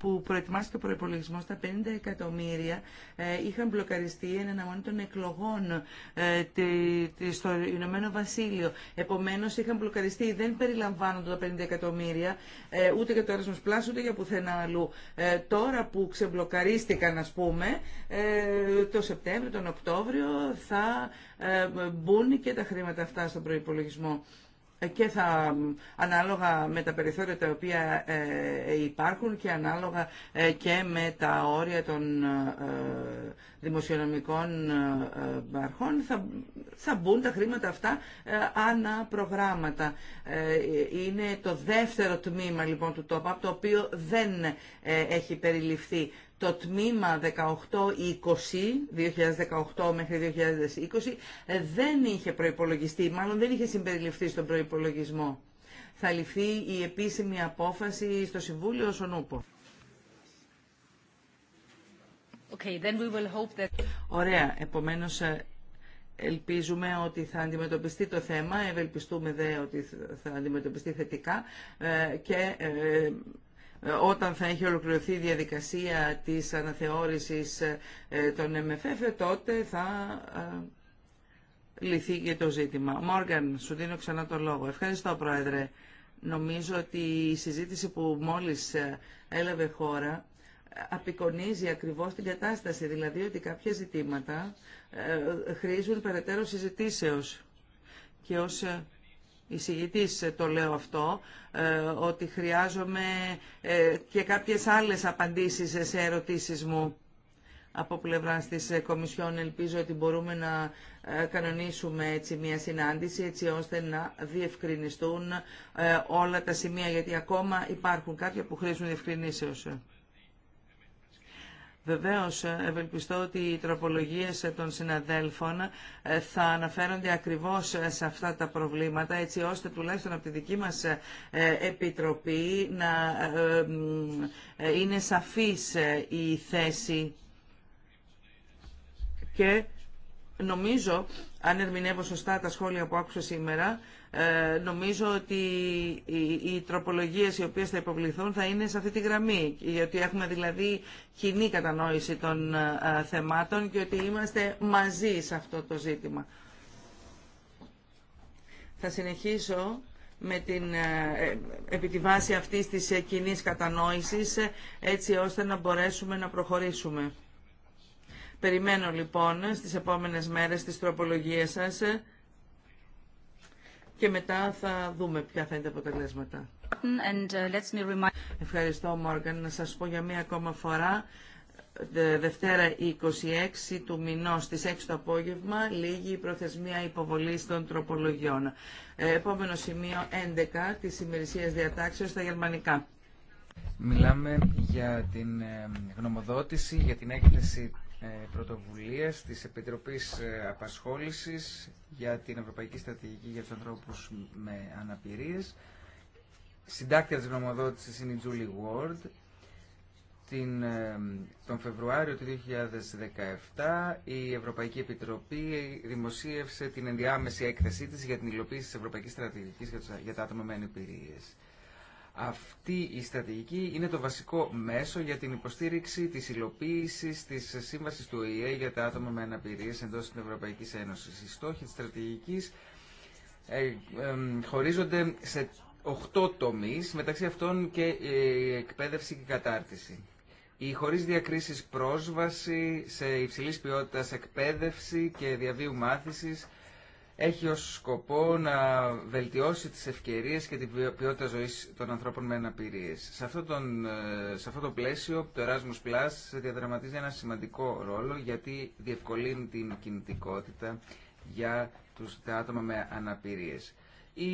που προετοιμάστηκε ο προπολογισμό, τα 50 εκατομμύρια ε, είχαν μπλοκαριστεί εν αναμονή των εκλογών ε, στο Ηνωμένο Βασίλειο. Επομένω, είχαν μπλοκαριστεί, δεν περιλαμβάνονται τα 50 εκατομμύρια ε, ούτε για το Erasmus Plus ούτε για πουθενά αλλού. Τώρα που ξεμπλοκαρίστηκαν, α πούμε, το Σεπτέμβριο, τον Οκτώβριο θα μπουν και τα χρήματα αυτά στον προπολογισμό και θα ανάλογα με τα περιθώρια τα οποία ε, ε, υπάρχουν και ανάλογα ε, και με τα όρια των δημοσιονομικών αρχών θα, θα μπουν τα χρήματα αυτά ανά προγράμματα. Είναι το δεύτερο τμήμα λοιπόν του top το οποίο δεν έχει περιληφθεί το τμήμα 18-20, 2018 μέχρι 2020, ε, δεν είχε προϋπολογιστεί, μάλλον δεν είχε συμπεριληφθεί στον προϋπολογισμό. Θα ληφθεί η επίσημη απόφαση στο Συμβούλιο όσον Okay, then we will hope that... Ωραία, επομένως ε, ελπίζουμε ότι θα αντιμετωπιστεί το θέμα, ευελπιστούμε δε ότι θα αντιμετωπιστεί θετικά ε, και όταν θα έχει ολοκληρωθεί η διαδικασία της αναθεώρησης ε, των MFF, τότε θα ε, λυθεί και το ζήτημα. Μόργαν, σου δίνω ξανά τον λόγο. Ευχαριστώ, Πρόεδρε. Νομίζω ότι η συζήτηση που μόλις ε, έλαβε χώρα απεικονίζει ακριβώς την κατάσταση, δηλαδή ότι κάποια ζητήματα χρήζουν περαιτέρω συζητήσεως. Και ως εισηγητής ε, το λέω αυτό, ε, ότι χρειάζομαι ε, και κάποιες άλλες απαντήσεις σε ερωτήσεις μου από πλευρά τη Κομισιόν. Ελπίζω ότι μπορούμε να κανονίσουμε έτσι μια συνάντηση έτσι ώστε να διευκρινιστούν όλα τα σημεία γιατί ακόμα υπάρχουν κάποια που χρήσουν διευκρινήσεως. Βεβαίω ευελπιστώ ότι οι τροπολογίε των συναδέλφων ε, θα αναφέρονται ακριβώ σε αυτά τα προβλήματα έτσι ώστε τουλάχιστον από τη δική μας ε, Επιτροπή να ε, είναι σαφής η θέση και νομίζω, αν ερμηνεύω σωστά τα σχόλια που άκουσα σήμερα, ε, νομίζω ότι οι τροπολογίες οι οποίες θα υποβληθούν θα είναι σε αυτή τη γραμμή, γιατί έχουμε δηλαδή κοινή κατανόηση των ε, θεμάτων και ότι είμαστε μαζί σε αυτό το ζήτημα. Θα συνεχίσω με την, ε, επί τη αυτής της κοινή κατανόησης, έτσι ώστε να μπορέσουμε να προχωρήσουμε. Περιμένω λοιπόν στις επόμενες μέρες τις τροπολογίες σας και μετά θα δούμε ποια θα είναι τα αποτελέσματα. And, uh, let me remind... Ευχαριστώ Μόργαν. Να σας πω για μία ακόμα φορά. Δευτέρα 26 του μηνό στις 6 το απόγευμα λίγη η προθεσμία υποβολής των τροπολογιών. Ε, επόμενο σημείο 11 της ημερησίας διατάξεως στα γερμανικά. Μιλάμε για την ε, γνωμοδότηση, για την έκθεση ε, πρωτοβουλίες της Επιτροπής ε, Απασχόλησης για την Ευρωπαϊκή Στρατηγική για τους ανθρώπους με αναπηρίες. Συντάκτια τη γνωμοδότησης είναι η Julie Ward. Την, ε, τον Φεβρουάριο του 2017 η Ευρωπαϊκή Επιτροπή δημοσίευσε την ενδιάμεση έκθεσή της για την υλοποίηση της Ευρωπαϊκής Στρατηγικής για τα άτομα με αναπηρίες. Αυτή η στρατηγική είναι το βασικό μέσο για την υποστήριξη της υλοποίησης της Σύμβασης του ΟΗΕ για τα άτομα με αναπηρίες εντός της Ευρωπαϊκής Ένωσης. Οι στόχοι της στρατηγικής ε, χωρίζονται σε 8 τομείς, μεταξύ αυτών και ε, η εκπαίδευση και η κατάρτιση. Η χωρίς διακρίσεις πρόσβαση σε υψηλής ποιότητας εκπαίδευση και διαβίου μάθησης έχει ως σκοπό να βελτιώσει τις ευκαιρίες και την ποιότητα ζωής των ανθρώπων με αναπηρίες. Σε αυτό, τον, ε, σε αυτό το πλαίσιο το Erasmus Plus διαδραματίζει ένα σημαντικό ρόλο γιατί διευκολύνει την κινητικότητα για τους, τα άτομα με αναπηρίες. Η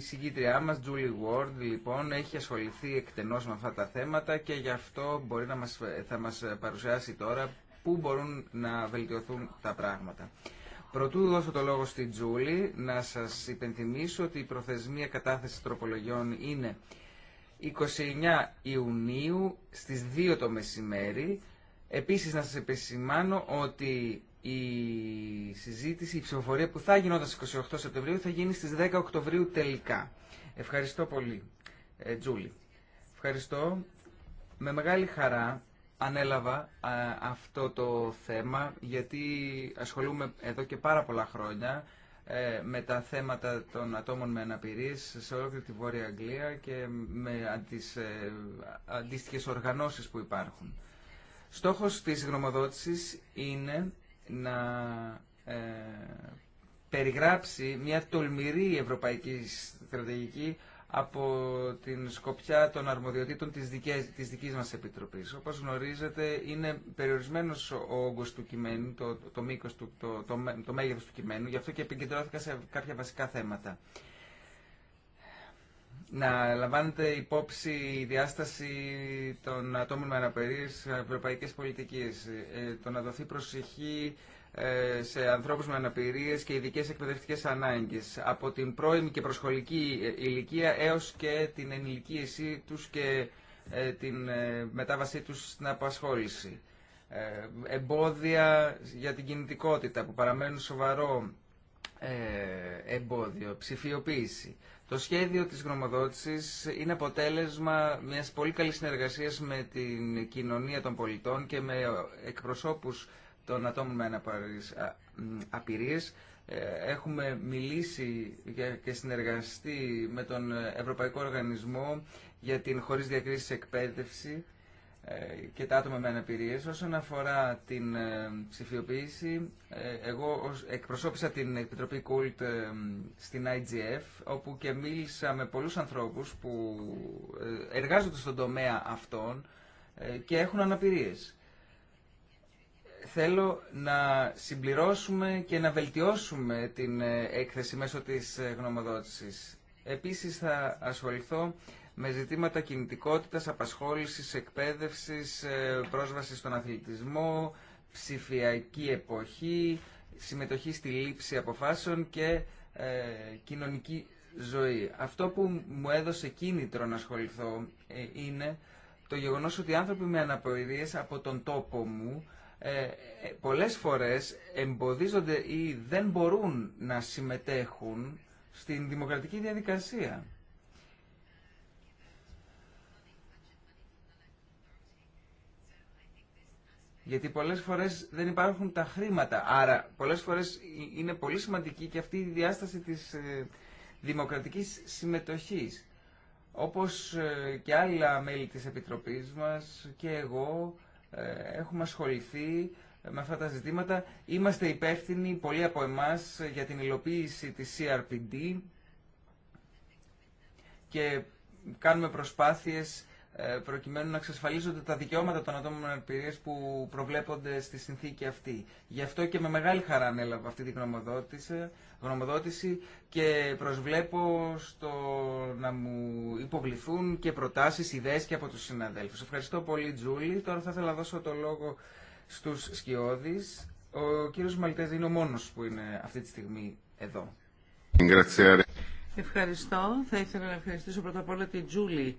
συγκίτριά μας, Julie Ward, λοιπόν, έχει ασχοληθεί εκτενώς με αυτά τα θέματα και γι' αυτό μπορεί να μας, θα μας παρουσιάσει τώρα πού μπορούν να βελτιωθούν τα πράγματα. Πρωτού δώσω το λόγο στην Τζούλη, να σας υπενθυμίσω ότι η προθεσμία κατάθεση τροπολογιών είναι 29 Ιουνίου στις 2 το μεσημέρι. Επίσης να σας επισημάνω ότι η συζήτηση, η ψηφοφορία που θα γινόταν στις 28 Σεπτεμβρίου θα γίνει στις 10 Οκτωβρίου τελικά. Ευχαριστώ πολύ, ε, Τζούλη. Ευχαριστώ. Με μεγάλη χαρά ανέλαβα αυτό το θέμα γιατί ασχολούμαι εδώ και πάρα πολλά χρόνια ε, με τα θέματα των ατόμων με αναπηρίες σε όλη τη Βόρεια Αγγλία και με τις ε, αντίστοιχες οργανώσεις που υπάρχουν. Στόχος της γνωμοδότησης είναι να ε, περιγράψει μια τολμηρή ευρωπαϊκή στρατηγική από την σκοπιά των αρμοδιοτήτων της, δικές, της δικής μας Επιτροπής. Όπως γνωρίζετε είναι περιορισμένος ο όγκος του κειμένου, το, το, του, το, μέγεθος του κειμένου, γι' αυτό και επικεντρώθηκα σε κάποια βασικά θέματα. Να λαμβάνετε υπόψη η διάσταση των ατόμων με αναπηρίες ευρωπαϊκές πολιτικής, ε, το να δοθεί προσοχή ε, σε ανθρώπους με αναπηρίες και ειδικέ εκπαιδευτικές ανάγκες από την πρώιμη και προσχολική ε, ηλικία έως και την ενηλικίεσή τους και ε, την μετάβασή τους στην απασχόληση. Εμπόδια για την κινητικότητα που παραμένουν σοβαρό εμπόδιο, ψηφιοποίηση. Το σχέδιο της γνωμοδότησης είναι αποτέλεσμα μιας πολύ καλής συνεργασίας με την κοινωνία των πολιτών και με εκπροσώπους των ατόμων με αναπαραγωγές απειρίες. Ε, έχουμε μιλήσει και συνεργαστεί με τον Ευρωπαϊκό Οργανισμό για την χωρίς διακρίσεις εκπαίδευση ε, και τα άτομα με αναπηρίες. Όσον αφορά την ε, ψηφιοποίηση, εγώ εκπροσώπησα την Επιτροπή Κούλτ στην IGF, όπου και μίλησα με πολλούς ανθρώπους που εργάζονται στον τομέα αυτών και έχουν αναπηρίες θέλω να συμπληρώσουμε και να βελτιώσουμε την ε, έκθεση μέσω της ε, γνωμοδότησης. Επίσης θα ασχοληθώ με ζητήματα κινητικότητας, απασχόλησης, εκπαίδευσης, ε, πρόσβαση στον αθλητισμό, ψηφιακή εποχή, συμμετοχή στη λήψη αποφάσεων και κοινωνική ζωή. Αυτό που μου έδωσε κίνητρο να ασχοληθώ είναι το γεγονός ότι οι άνθρωποι με από τον τόπο μου ε, ε, πολλές φορές εμποδίζονται ή δεν μπορούν να συμμετέχουν στην δημοκρατική διαδικασία. Γιατί πολλές φορές δεν υπάρχουν τα χρήματα. Άρα πολλές φορές είναι πολύ σημαντική και αυτή η διάσταση της ε, δημοκρατικής συμμετοχής. Όπως ε, και άλλα μέλη της Επιτροπής μας και εγώ ε, έχουμε ασχοληθεί με αυτά τα ζητήματα. Είμαστε υπεύθυνοι, πολλοί από εμάς, για την υλοποίηση της CRPD και κάνουμε προσπάθειες ε, προκειμένου να εξασφαλίζονται τα δικαιώματα των ατόμων με που προβλέπονται στη συνθήκη αυτή. Γι' αυτό και με μεγάλη χαρά ανέλαβα αυτή τη γνωμοδότηση, γνωμοδότηση και προσβλέπω στο να μου υποβληθούν και προτάσεις, ιδέες και από τους συναδέλφους. Ευχαριστώ πολύ Τζούλη. Τώρα θα ήθελα να δώσω το λόγο στους Σκιώδης. Ο κύριος Μαλτέζη είναι ο μόνος που είναι αυτή τη στιγμή εδώ. Ευχαριστώ. Θα ήθελα να ευχαριστήσω πρώτα απ' όλα την Τζούλη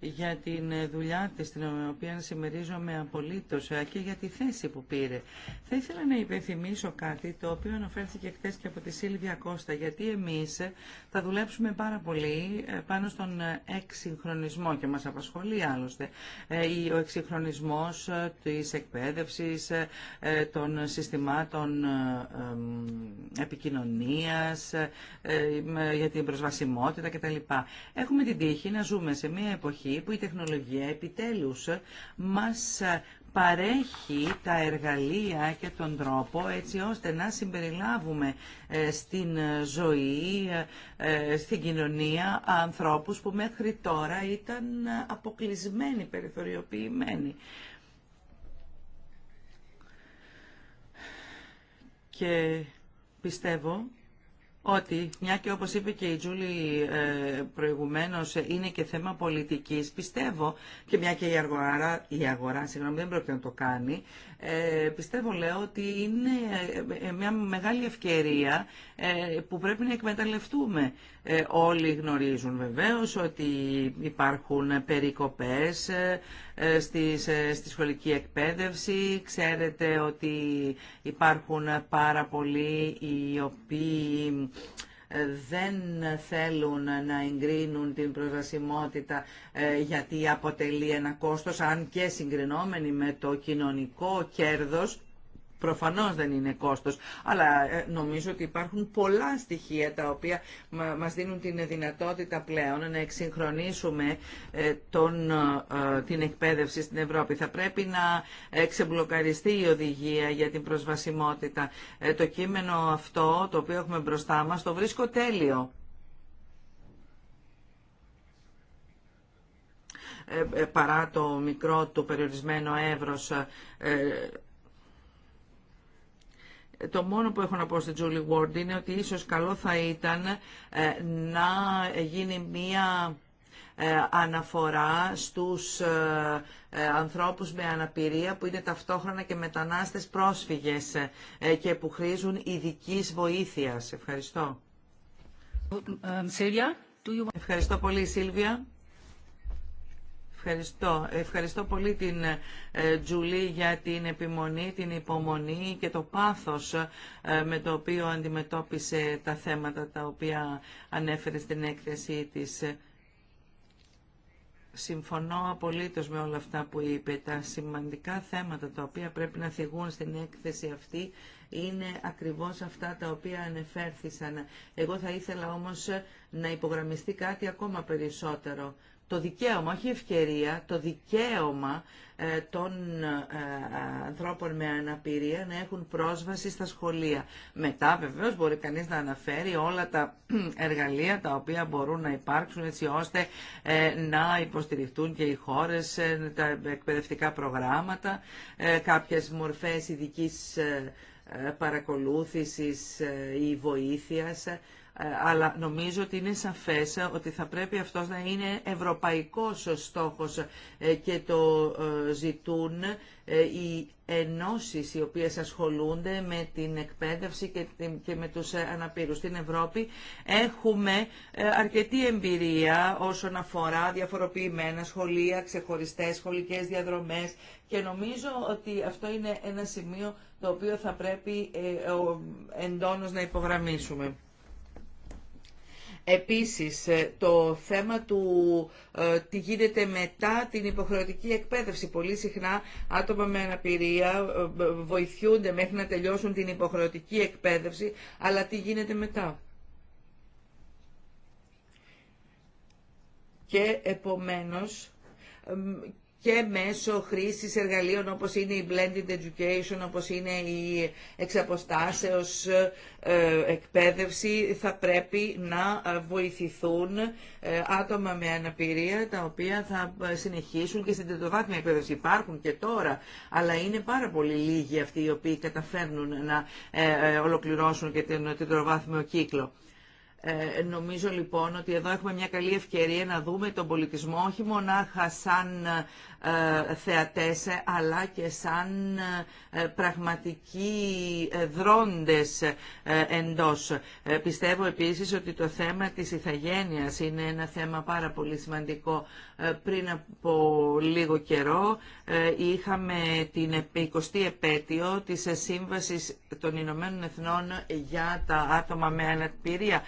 για την ε, δουλειά της, την οποία συμμερίζομαι απολύτως ε, και για τη θέση που πήρε. Θα ήθελα να υπενθυμίσω κάτι το οποίο αναφέρθηκε χθε και από τη Σίλβια Κώστα, γιατί εμείς ε, θα δουλέψουμε πάρα πολύ πάνω στον εξυγχρονισμό και μας απασχολεί άλλωστε ο εξυγχρονισμός της εκπαίδευσης, των συστημάτων επικοινωνίας, για την προσβασιμότητα κτλ. Έχουμε την τύχη να ζούμε σε μια εποχή που η τεχνολογία επιτέλους μας παρέχει τα εργαλεία και τον τρόπο έτσι ώστε να συμπεριλάβουμε ε, στην ζωή, ε, στην κοινωνία ανθρώπους που μέχρι τώρα ήταν αποκλεισμένοι, περιθωριοποιημένοι. Και πιστεύω ότι μια και όπως είπε και η Τζούλη ε, προηγουμένως είναι και θέμα πολιτικής, πιστεύω και μια και η αγορά, η αγορά συγγνώμη, δεν πρόκειται να το κάνει, ε, πιστεύω λέω ότι είναι ε, μια μεγάλη ευκαιρία που πρέπει να εκμεταλλευτούμε. όλοι γνωρίζουν βεβαίως ότι υπάρχουν περικοπές ε, στις, ε, στη σχολική εκπαίδευση. Ξέρετε ότι υπάρχουν πάρα πολλοί οι οποίοι ε, δεν θέλουν να εγκρίνουν την προσβασιμότητα γιατί αποτελεί ένα κόστος, αν και συγκρινόμενοι με το κοινωνικό κέρδος Προφανώς δεν είναι κόστος, αλλά ε, νομίζω ότι υπάρχουν πολλά στοιχεία τα οποία μας δίνουν την δυνατότητα πλέον να εξυγχρονίσουμε ε, τον, ε, την εκπαίδευση στην Ευρώπη. Θα πρέπει να ξεμπλοκαριστεί η οδηγία για την προσβασιμότητα. Το κείμενο αυτό το οποίο έχουμε μπροστά μας το βρίσκω τέλειο. Παρά το μικρό του περιορισμένο εύρος το μόνο που έχω να πω στην Τζούλι Ward είναι ότι ίσως καλό θα ήταν ε, να γίνει μία ε, αναφορά στους ε, ανθρώπους με αναπηρία που είναι ταυτόχρονα και μετανάστες πρόσφυγες και που χρήζουν ειδική βοήθειας. Ευχαριστώ. Ευχαριστώ πολύ Σίλβια. Ευχαριστώ. Ευχαριστώ πολύ την ε, Τζουλή για την επιμονή, την υπομονή και το πάθος ε, με το οποίο αντιμετώπισε τα θέματα τα οποία ανέφερε στην έκθεσή της. Συμφωνώ απολύτως με όλα αυτά που είπε. Τα σημαντικά θέματα τα οποία πρέπει να θυγούν στην έκθεση αυτή είναι ακριβώς αυτά τα οποία ανεφέρθησαν. Εγώ θα ήθελα όμως να υπογραμμιστεί κάτι ακόμα περισσότερο το δικαίωμα, όχι ευκαιρία, το δικαίωμα ε, των ε, ανθρώπων με αναπηρία να έχουν πρόσβαση στα σχολεία. Μετά βεβαίως μπορεί κανείς να αναφέρει όλα τα εργαλεία τα οποία μπορούν να υπάρξουν έτσι ώστε ε, να υποστηριχτούν και οι χώρες, τα εκπαιδευτικά προγράμματα, κάποιες μορφές ειδικής παρακολούθησης ή βοήθειας αλλά νομίζω ότι είναι σαφές ότι θα πρέπει αυτός να είναι ευρωπαϊκός στόχος ε, και το ε, ζητούν ε, οι ενώσεις οι οποίες ασχολούνται με την εκπαίδευση και με τους αναπήρους. Στην Ευρώπη έχουμε αρκετή εμπειρία όσον αφορά διαφοροποιημένα σχολεία, ξεχωριστές σχολικές διαδρομές και νομίζω ότι αυτό είναι ένα σημείο το οποίο θα πρέπει εντόνως να υπογραμμίσουμε. Επίσης, ε, το θέμα του ε, τι γίνεται μετά την υποχρεωτική εκπαίδευση. Πολύ συχνά άτομα με αναπηρία ε, βοηθούνται μέχρι να τελειώσουν την υποχρεωτική εκπαίδευση, αλλά τι γίνεται μετά. Και επομένως και μέσω χρήσης εργαλείων όπως είναι η blended education, όπως είναι η εξαποστάσεως ε, εκπαίδευση, θα πρέπει να ε, βοηθηθούν ε, άτομα με αναπηρία τα οποία θα συνεχίσουν και στην τετροβάθμια εκπαίδευση. Υπάρχουν και τώρα, αλλά είναι πάρα πολύ λίγοι αυτοί οι οποίοι καταφέρνουν να ολοκληρώσουν και τον τριτοβάθμιο κύκλο. νομίζω λοιπόν ότι εδώ έχουμε μια καλή ευκαιρία να δούμε τον πολιτισμό όχι μονάχα σαν ε, θεατές ε, αλλά και σαν ε, πραγματικοί δρόντες εντός. Πιστεύω επίσης ότι το θέμα της ηθαγένειας είναι ένα θέμα πάρα πολύ σημαντικό. Πριν από λίγο καιρό είχαμε την 20η επέτειο της Σύμβασης των Ηνωμένων Εθνών για τα άτομα με αναπηρία.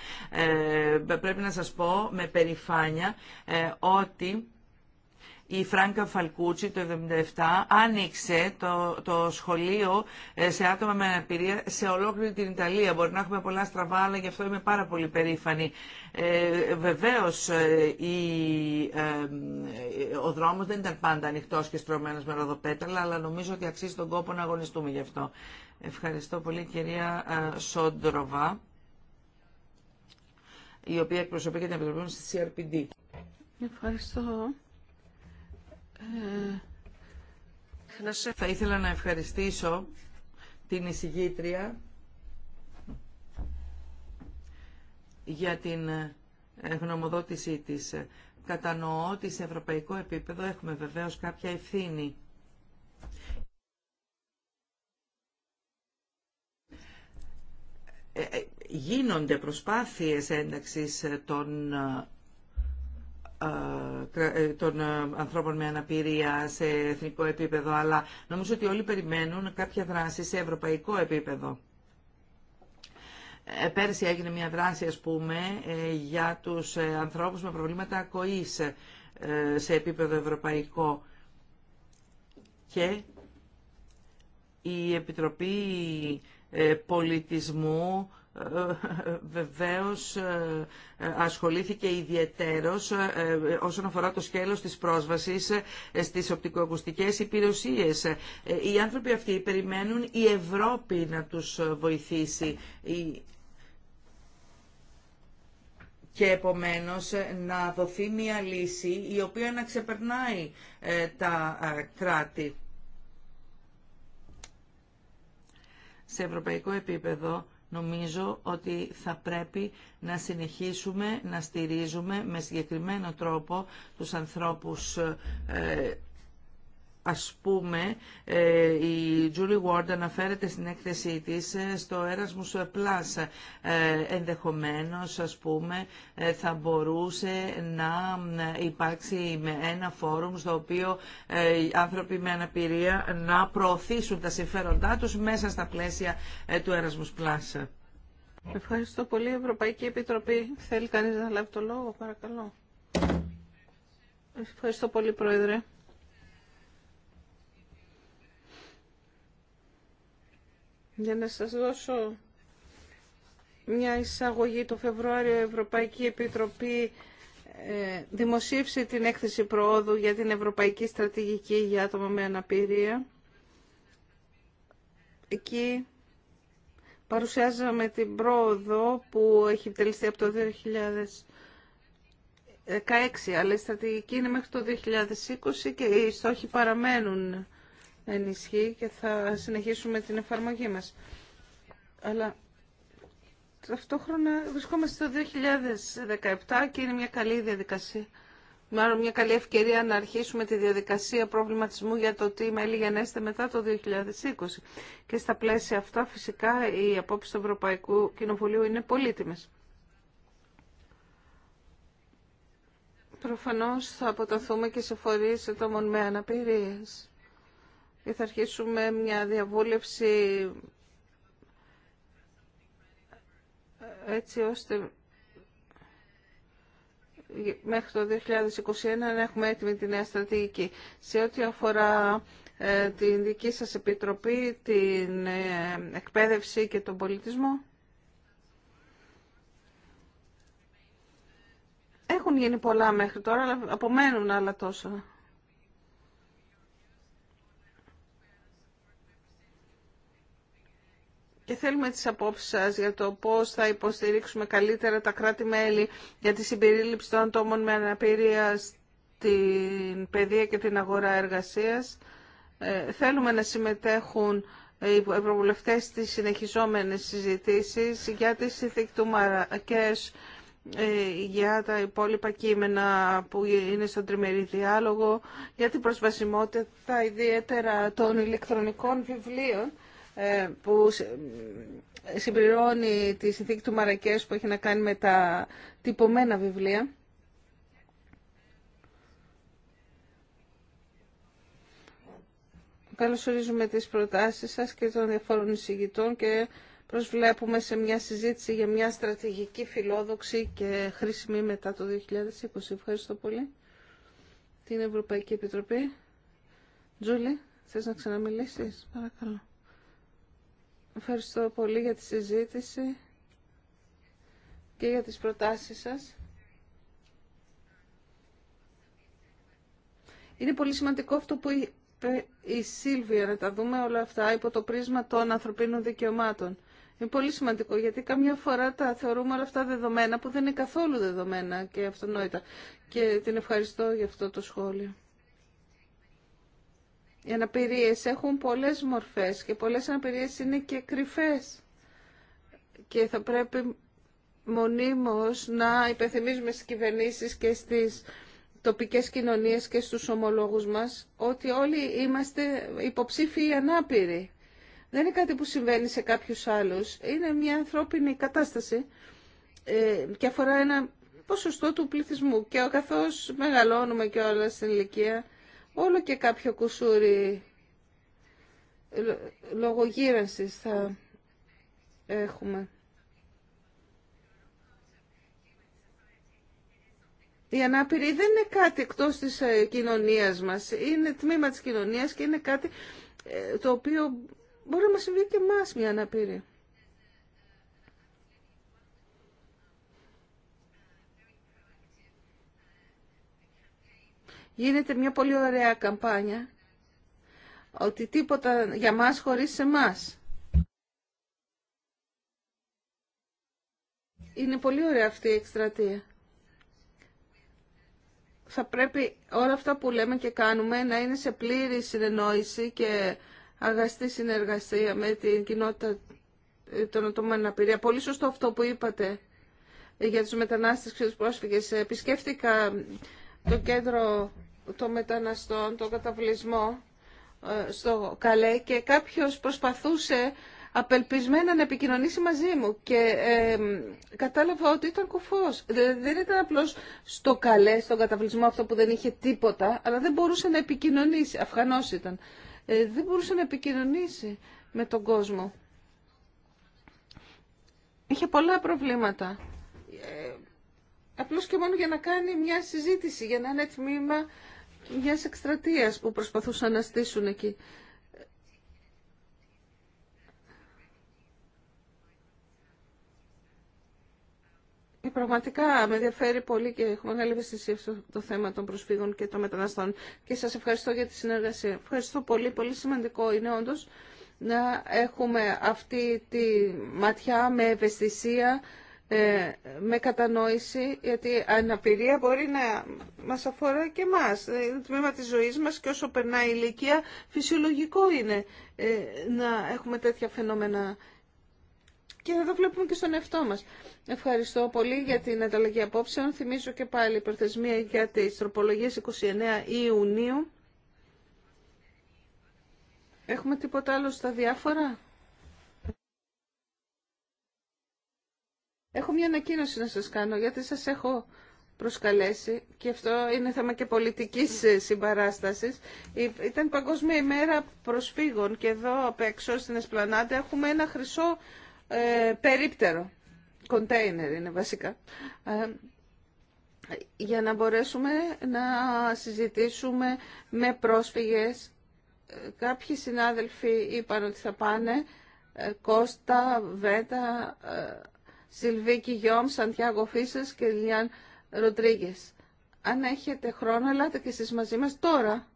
Πρέπει να σας πω με περηφάνεια ότι η Φράγκα Φαλκούτσι το 1977 άνοιξε το, το σχολείο ε, σε άτομα με αναπηρία σε ολόκληρη την Ιταλία. Μπορεί να έχουμε πολλά στραβά, αλλά γι' αυτό είμαι πάρα πολύ περήφανη. Ε, βεβαίως ε, ε, ο δρόμος δεν ήταν πάντα ανοιχτός και στρωμένος με ροδοπέταλα, αλλά νομίζω ότι αξίζει τον κόπο να αγωνιστούμε γι' αυτό. Ευχαριστώ πολύ κυρία Σόντροβα, η οποία εκπροσωπεί και την Επιτροπή στη CRPD. Ευχαριστώ. Θα ήθελα να ευχαριστήσω την εισηγήτρια για την γνωμοδότησή της. Κατανοώ ότι σε ευρωπαϊκό επίπεδο έχουμε βεβαίως κάποια ευθύνη. Ε, ε, γίνονται προσπάθειες ένταξης των ε, των ε, ανθρώπων με αναπηρία σε εθνικό επίπεδο, αλλά νομίζω ότι όλοι περιμένουν κάποια δράση σε ευρωπαϊκό επίπεδο. Ε, πέρσι έγινε μια δράση, ας πούμε, για τους ανθρώπους με προβλήματα ακοής σε επίπεδο ευρωπαϊκό και η Επιτροπή Πολιτισμού βεβαίως ε, ε, ασχολήθηκε ιδιαιτέρως ε, όσον αφορά το σκέλος της πρόσβασης στις οπτικοακουστικές υπηρεσίες. Οι άνθρωποι αυτοί περιμένουν η Ευρώπη να τους βοηθήσει και επομένως να δοθεί μια λύση η οποία να ξεπερνάει τα κράτη. Σε ευρωπαϊκό επίπεδο νομίζω ότι θα πρέπει να συνεχίσουμε να στηρίζουμε με συγκεκριμένο τρόπο τους ανθρώπους ε, Ας πούμε, ε, η Julie Ward αναφέρεται στην έκθεσή της ε, στο Erasmus Plus. Ε, ενδεχομένως, ας πούμε, θα μπορούσε να υπάρξει ένα φόρουμ στο οποίο οι άνθρωποι με αναπηρία να προωθήσουν τα συμφέροντά τους μέσα στα πλαίσια του Erasmus Plus. Ευχαριστώ πολύ. Ευρωπαϊκή Επιτροπή. Θέλει κανείς να λάβει το λόγο, παρακαλώ. Ευχαριστώ πολύ, Πρόεδρε. Για να σας δώσω μια εισαγωγή, το Φεβρουάριο η Ευρωπαϊκή Επιτροπή ε, δημοσίευσε την έκθεση προόδου για την Ευρωπαϊκή Στρατηγική για άτομα με αναπηρία. Εκεί παρουσιάζαμε την πρόοδο που έχει επιτελεστεί από το 2016, αλλά η στρατηγική είναι μέχρι το 2020 και οι στόχοι παραμένουν ενισχύει και θα συνεχίσουμε την εφαρμογή μας. Αλλά ταυτόχρονα βρισκόμαστε το 2017 και είναι μια καλή διαδικασία. Μάλλον μια καλή ευκαιρία να αρχίσουμε τη διαδικασία προβληματισμού για το τι μέλη γενέστε μετά το 2020. Και στα πλαίσια αυτά φυσικά οι απόψεις του Ευρωπαϊκού Κοινοβουλίου είναι πολύτιμες. Προφανώς θα αποταθούμε και σε φορείς ετομών με αναπηρίες και θα αρχίσουμε μια διαβούλευση έτσι ώστε μέχρι το 2021 να έχουμε έτοιμη τη νέα στρατηγική. Σε ό,τι αφορά ε, την δική σας επιτροπή, την ε, εκπαίδευση και τον πολιτισμό. Έχουν γίνει πολλά μέχρι τώρα, αλλά απομένουν άλλα τόσα. και θέλουμε τις απόψεις σας για το πώς θα υποστηρίξουμε καλύτερα τα κράτη-μέλη για τη συμπερίληψη των ατόμων με αναπηρία στην παιδεία και την αγορά εργασίας. Ε, θέλουμε να συμμετέχουν οι ευρωβουλευτές στις συνεχιζόμενες συζητήσεις για τις συνθήκη του ε, για τα υπόλοιπα κείμενα που είναι στον τριμερή διάλογο, για την προσβασιμότητα ιδιαίτερα των ηλεκτρονικών βιβλίων ε, που συμπληρώνει τη συνθήκη του Μαρακές που έχει να κάνει με τα τυπωμένα βιβλία. Καλωσορίζουμε τις προτάσεις σας και των διαφόρων εισηγητών και προσβλέπουμε σε μια συζήτηση για μια στρατηγική φιλόδοξη και χρήσιμη μετά το 2020. Ευχαριστώ πολύ. Την Ευρωπαϊκή Επιτροπή. Τζούλη, θες να ξαναμιλήσεις, παρακαλώ. Ευχαριστώ πολύ για τη συζήτηση και για τις προτάσεις σας. Είναι πολύ σημαντικό αυτό που είπε η Σίλβια, να τα δούμε όλα αυτά υπό το πρίσμα των ανθρωπίνων δικαιωμάτων. Είναι πολύ σημαντικό γιατί καμιά φορά τα θεωρούμε όλα αυτά δεδομένα που δεν είναι καθόλου δεδομένα και αυτονόητα. Και την ευχαριστώ για αυτό το σχόλιο. Οι αναπηρίες έχουν πολλές μορφές και πολλές αναπηρίες είναι και κρυφές και θα πρέπει μονίμως να υπενθυμίζουμε στις κυβερνήσεις και στις τοπικές κοινωνίες και στους ομολόγους μας ότι όλοι είμαστε υποψήφιοι ανάπηροι. Δεν είναι κάτι που συμβαίνει σε κάποιους άλλους. Είναι μια ανθρώπινη κατάσταση ε, και αφορά ένα ποσοστό του πληθυσμού. Και καθώς μεγαλώνουμε και όλα στην ηλικία όλο και κάποιο κουσούρι λόγω θα έχουμε. Η ανάπηρη δεν είναι κάτι εκτός της ε, κοινωνίας μας. Είναι τμήμα της κοινωνίας και είναι κάτι ε, το οποίο μπορεί να μας συμβεί και εμάς μια αναπηρία. γίνεται μια πολύ ωραία καμπάνια ότι τίποτα για μας χωρίς εμάς. Είναι πολύ ωραία αυτή η εκστρατεία. Θα πρέπει όλα αυτά που λέμε και κάνουμε να είναι σε πλήρη συνεννόηση και αγαστή συνεργασία με την κοινότητα των ατόμων αναπηρία. Πολύ σωστό αυτό που είπατε για τους μετανάστες και τους πρόσφυγες. Επισκέφτηκα το κέντρο το μεταναστών, το καταβλισμό ε, στο Καλέ και κάποιος προσπαθούσε απελπισμένα να επικοινωνήσει μαζί μου και κατάλαβα ότι ήταν κουφός. δεν ήταν απλώς στο Καλέ, στον καταβλισμό αυτό που δεν είχε τίποτα, αλλά δεν μπορούσε να επικοινωνήσει, αφγανός ήταν, ε, δεν μπορούσε να επικοινωνήσει με τον κόσμο. Είχε πολλά προβλήματα. Ε, απλώς και μόνο για να κάνει μια συζήτηση, για να είναι τμήμα μια εκστρατείας που προσπαθούσαν να στήσουν εκεί. Πραγματικά με ενδιαφέρει πολύ και έχω μεγάλη ευαισθησία αυτό το θέμα των προσφύγων και των μεταναστών. Και σας ευχαριστώ για τη συνεργασία. Ευχαριστώ πολύ. Πολύ σημαντικό είναι όντω να έχουμε αυτή τη ματιά με ευαισθησία ε, με κατανόηση, γιατί αναπηρία μπορεί να μας αφορά και μας. Ε, είναι το τμήμα της ζωής μας και όσο περνάει η ηλικία φυσιολογικό είναι ε, να έχουμε τέτοια φαινόμενα και εδώ βλέπουμε και στον εαυτό μας. Ευχαριστώ πολύ για την ανταλλαγή απόψεων. Θυμίζω και πάλι η προθεσμία για τις τροπολογίες 29 Ιουνίου. Έχουμε τίποτα άλλο στα διάφορα. Έχω μια ανακοίνωση να σας κάνω, γιατί σας έχω προσκαλέσει και αυτό είναι θέμα και πολιτικής ε, συμπαράστασης. Ήταν Παγκόσμια ημέρα προσφύγων και εδώ απ' έξω στην Εσπλανάτα έχουμε ένα χρυσό ε, περίπτερο. Κοντέινερ είναι βασικά. Ε, για να μπορέσουμε να συζητήσουμε με πρόσφυγες. Ε, κάποιοι συνάδελφοι είπαν ότι θα πάνε. Κώστα, Βέτα, Σιλβίκη Γιόμ, Σαντιάγο φίσα και Λιάν Ροντρίγκε. Αν έχετε χρόνο, ελάτε και εσεί μαζί μα τώρα.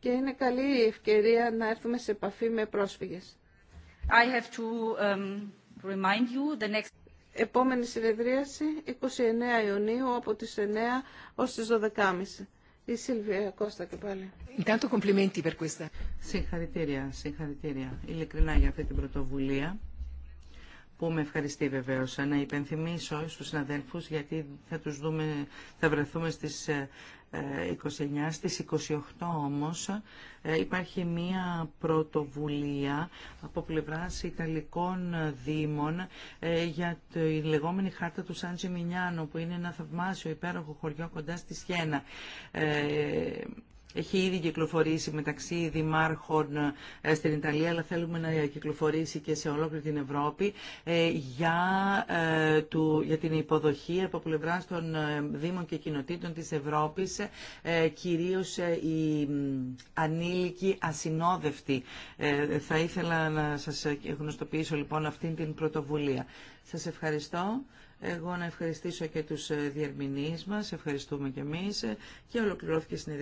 Και είναι καλή η ευκαιρία να έρθουμε σε επαφή με πρόσφυγε. um, next... Επόμενη συνεδρίαση, 29 Ιουνίου, από τι 9 ω τι 12.30. Η Σίλβια Κώστα και πάλι. Συγχαρητήρια, συγχαρητήρια. Ειλικρινά για αυτή την πρωτοβουλία που με ευχαριστεί βεβαίως. Να υπενθυμίσω στους συναδέλφου, γιατί θα τους δούμε, θα βρεθούμε στις 29, ε, στις 28 όμως ε, υπάρχει μία πρωτοβουλία από πλευρά Ιταλικών Δήμων ε, για τη λεγόμενη χάρτα του Σαν που είναι ένα θαυμάσιο υπέροχο χωριό κοντά στη Σιένα. Έχει ήδη κυκλοφορήσει μεταξύ δημάρχων ε, στην Ιταλία, αλλά θέλουμε να κυκλοφορήσει και σε ολόκληρη την Ευρώπη ε, για, ε, για την υποδοχή από πλευρά των Δήμων και Κοινοτήτων της Ευρώπης, κυρίως οι ανήλικοι ασυνόδευτοι. Θα ήθελα να σας γνωστοποιήσω λοιπόν αυτή την πρωτοβουλία. Σας ευχαριστώ. Εγώ να ευχαριστήσω και τους διερμηνείς μας, ευχαριστούμε και εμείς και ολοκληρώθηκε η συνεδρία.